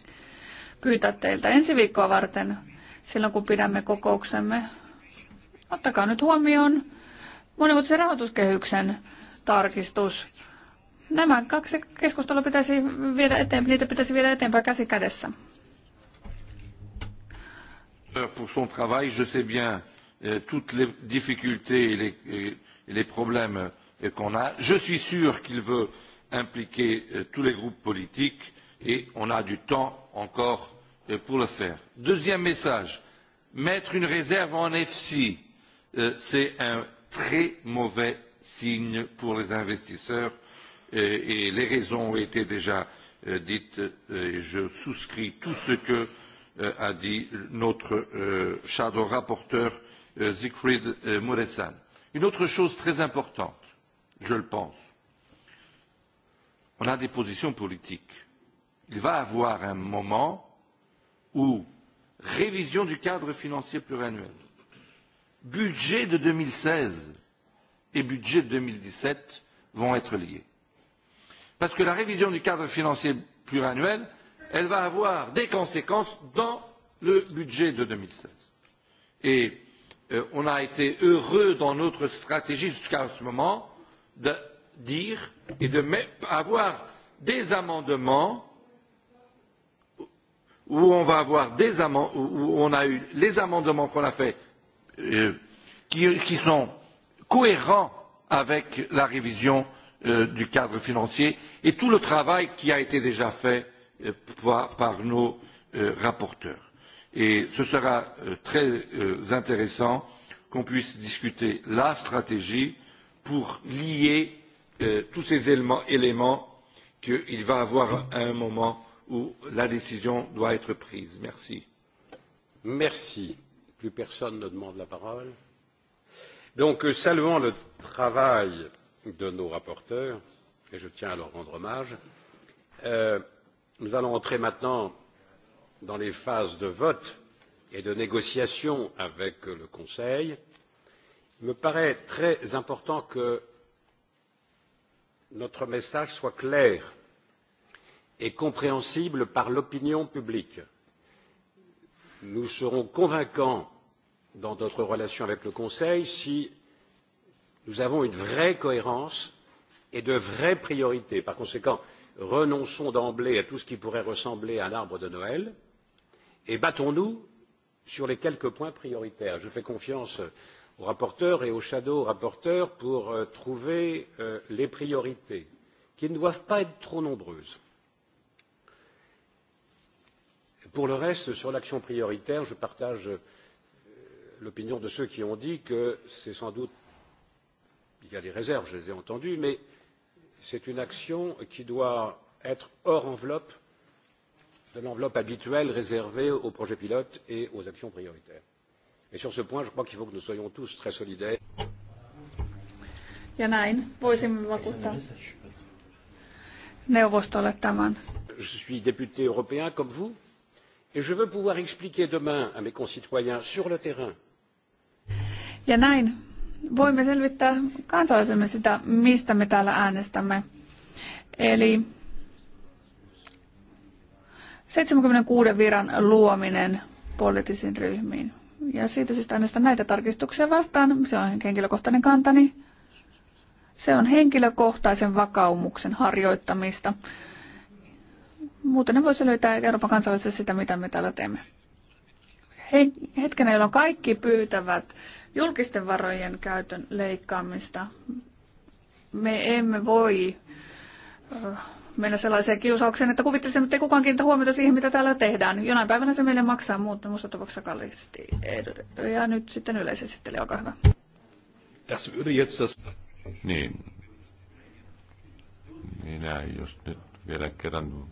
pyytää teiltä ensi viikkoa varten, silloin kun pidämme kokouksemme. Ottakaa nyt huomioon monivuotisen rahoituskehyksen tarkistus. Nämä kaksi keskustelua pitäisi viedä eteenpäin, niitä pitäisi viedä eteenpäin käsi kädessä pour son travail. Je sais bien euh, toutes les difficultés et les, et les problèmes euh, qu'on a. Je suis sûr qu'il veut impliquer euh, tous les groupes politiques et on a du temps encore euh, pour le faire. Deuxième message, mettre une réserve en EFSI, c'est un très mauvais signe pour les investisseurs et les raisons ont été déjà dites et je souscris tout ce que euh, a dit notre euh, shadow rapporteur euh, Siegfried euh, Muresan. Une autre chose très importante, je le pense, on a des positions politiques. Il va y avoir un moment où révision du cadre financier pluriannuel, budget de 2016 et budget de 2017 vont être liés. Parce que la révision du cadre financier pluriannuel, elle va avoir des conséquences dans le budget de deux mille seize et euh, on a été heureux dans notre stratégie jusqu'à ce moment de dire et d'avoir de des amendements où on va avoir des où on a eu les amendements qu'on a faits euh, qui, qui sont cohérents avec la révision euh, du cadre financier et tout le travail qui a été déjà fait Euh, par, nos euh, rapporteurs. Et ce sera euh, très euh, intéressant qu'on puisse discuter la stratégie pour lier tous ces éléments, éléments qu'il va avoir à un moment où la décision doit être prise. Merci. Merci. Plus personne ne demande la parole. Donc, saluant le travail de nos rapporteurs, et je tiens à leur rendre hommage, euh, Nous allons entrer maintenant dans les phases de vote et de négociation avec le Conseil. Il me paraît très important que notre message soit clair et compréhensible par l'opinion publique. Nous serons convaincants dans notre relation avec le Conseil si nous avons une vraie cohérence et de vraies priorités. Par conséquent, renonçons d'emblée à tout ce qui pourrait ressembler à un arbre de Noël et battons-nous sur les quelques points prioritaires. Je fais confiance au rapporteur et aux shadow rapporteurs pour euh, trouver euh, les priorités qui ne doivent pas être trop nombreuses. Pour le reste, sur l'action prioritaire, je partage euh, l'opinion de ceux qui ont dit que c'est sans doute il y a des réserves, je les ai entendues, mais c'est une action qui doit être hors enveloppe de l'enveloppe habituelle réservée aux projets pilotes et aux actions prioritaires. Et sur ce point, je crois qu'il faut que nous soyons tous très solidaires. Ja näin voisimme vakuuttaa neuvostolle tämän. Je suis député européen comme vous et je veux pouvoir expliquer demain à mes concitoyens sur le terrain. Ja näin voimme selvittää kansalaisemme sitä, mistä me täällä äänestämme. Eli 76 viran luominen poliittisiin ryhmiin. Ja siitä syystä äänestän näitä tarkistuksia vastaan. Se on henkilökohtainen kantani. Se on henkilökohtaisen vakaumuksen harjoittamista. Muuten ne voisi löytää Euroopan kansalaisille sitä, mitä me täällä teemme. He, hetkenä, jolloin kaikki pyytävät julkisten varojen käytön leikkaamista. Me emme voi äh, mennä sellaiseen kiusaukseen, että kuvittelisimme, että ei kukaan kiinnitä huomiota siihen, mitä täällä tehdään. Jonain päivänä se meille maksaa, mutta no muussa tapauksessa kalliisti. Ja nyt sitten yleisesittely, olkaa hyvä. Tässä würde Niin. Minä jos nyt vielä kerran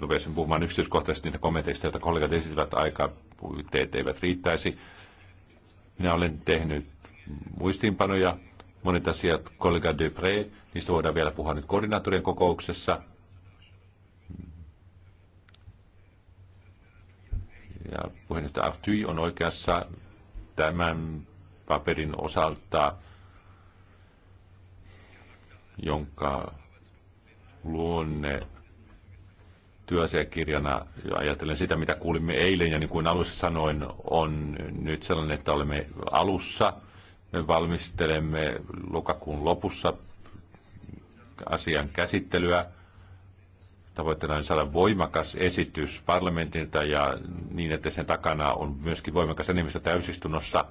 rupesin puhumaan yksityiskohtaisesti niitä kommenteista, joita kollegat aika aikapuitteet eivät riittäisi. Minä olen tehnyt muistiinpanoja, monet asiat, kollega Dupré, niistä voidaan vielä puhua nyt koordinaattorien kokouksessa. Ja puheenjohtaja Artyi on oikeassa tämän paperin osalta, jonka luonne työasiakirjana, ja ajatellen sitä, mitä kuulimme eilen, ja niin kuin alussa sanoin, on nyt sellainen, että olemme alussa, me valmistelemme lokakuun lopussa asian käsittelyä. Tavoitteena on saada voimakas esitys parlamentilta ja niin, että sen takana on myöskin voimakas enemmistö täysistunnossa.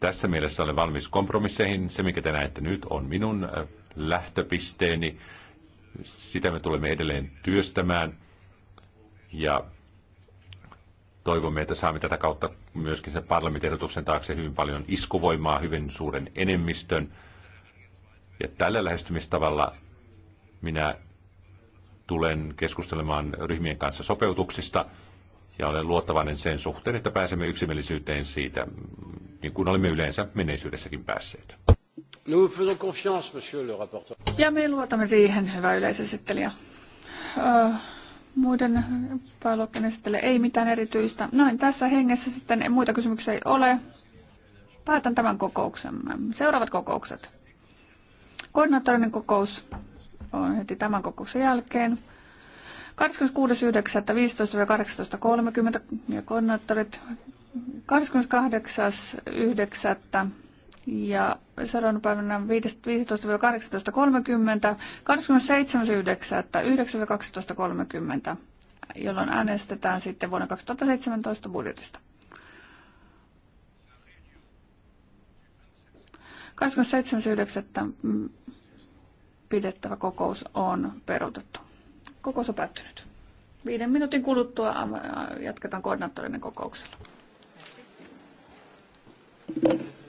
Tässä mielessä olen valmis kompromisseihin. Se, mikä te näette nyt, on minun lähtöpisteeni. Sitä me tulemme edelleen työstämään ja toivomme, että saamme tätä kautta myöskin sen parlamentin taakse hyvin paljon iskuvoimaa, hyvin suuren enemmistön. Ja tällä lähestymistavalla minä tulen keskustelemaan ryhmien kanssa sopeutuksista ja olen luottavainen sen suhteen, että pääsemme yksimielisyyteen siitä, niin kuin olemme yleensä menneisyydessäkin päässeet. Nous faisons confiance, monsieur le rapporteur. Ja me luotamme siihen, hyvä yleisesittelijä. Öö, muiden pääluokkien esittelijä ei mitään erityistä. Noin tässä hengessä sitten muita kysymyksiä ei ole. Päätän tämän kokouksemme. Seuraavat kokoukset. Koordinaattorinen kokous on heti tämän kokouksen jälkeen. 26.9.15-18.30 ja koordinaattorit 28.9 ja seuraavana päivänä 15-18.30, jolloin äänestetään sitten vuonna 2017 budjetista. 27.9. Mm, pidettävä kokous on peruutettu. Kokous on päättynyt. Viiden minuutin kuluttua jatketaan koordinaattorinen kokouksella. Thank you.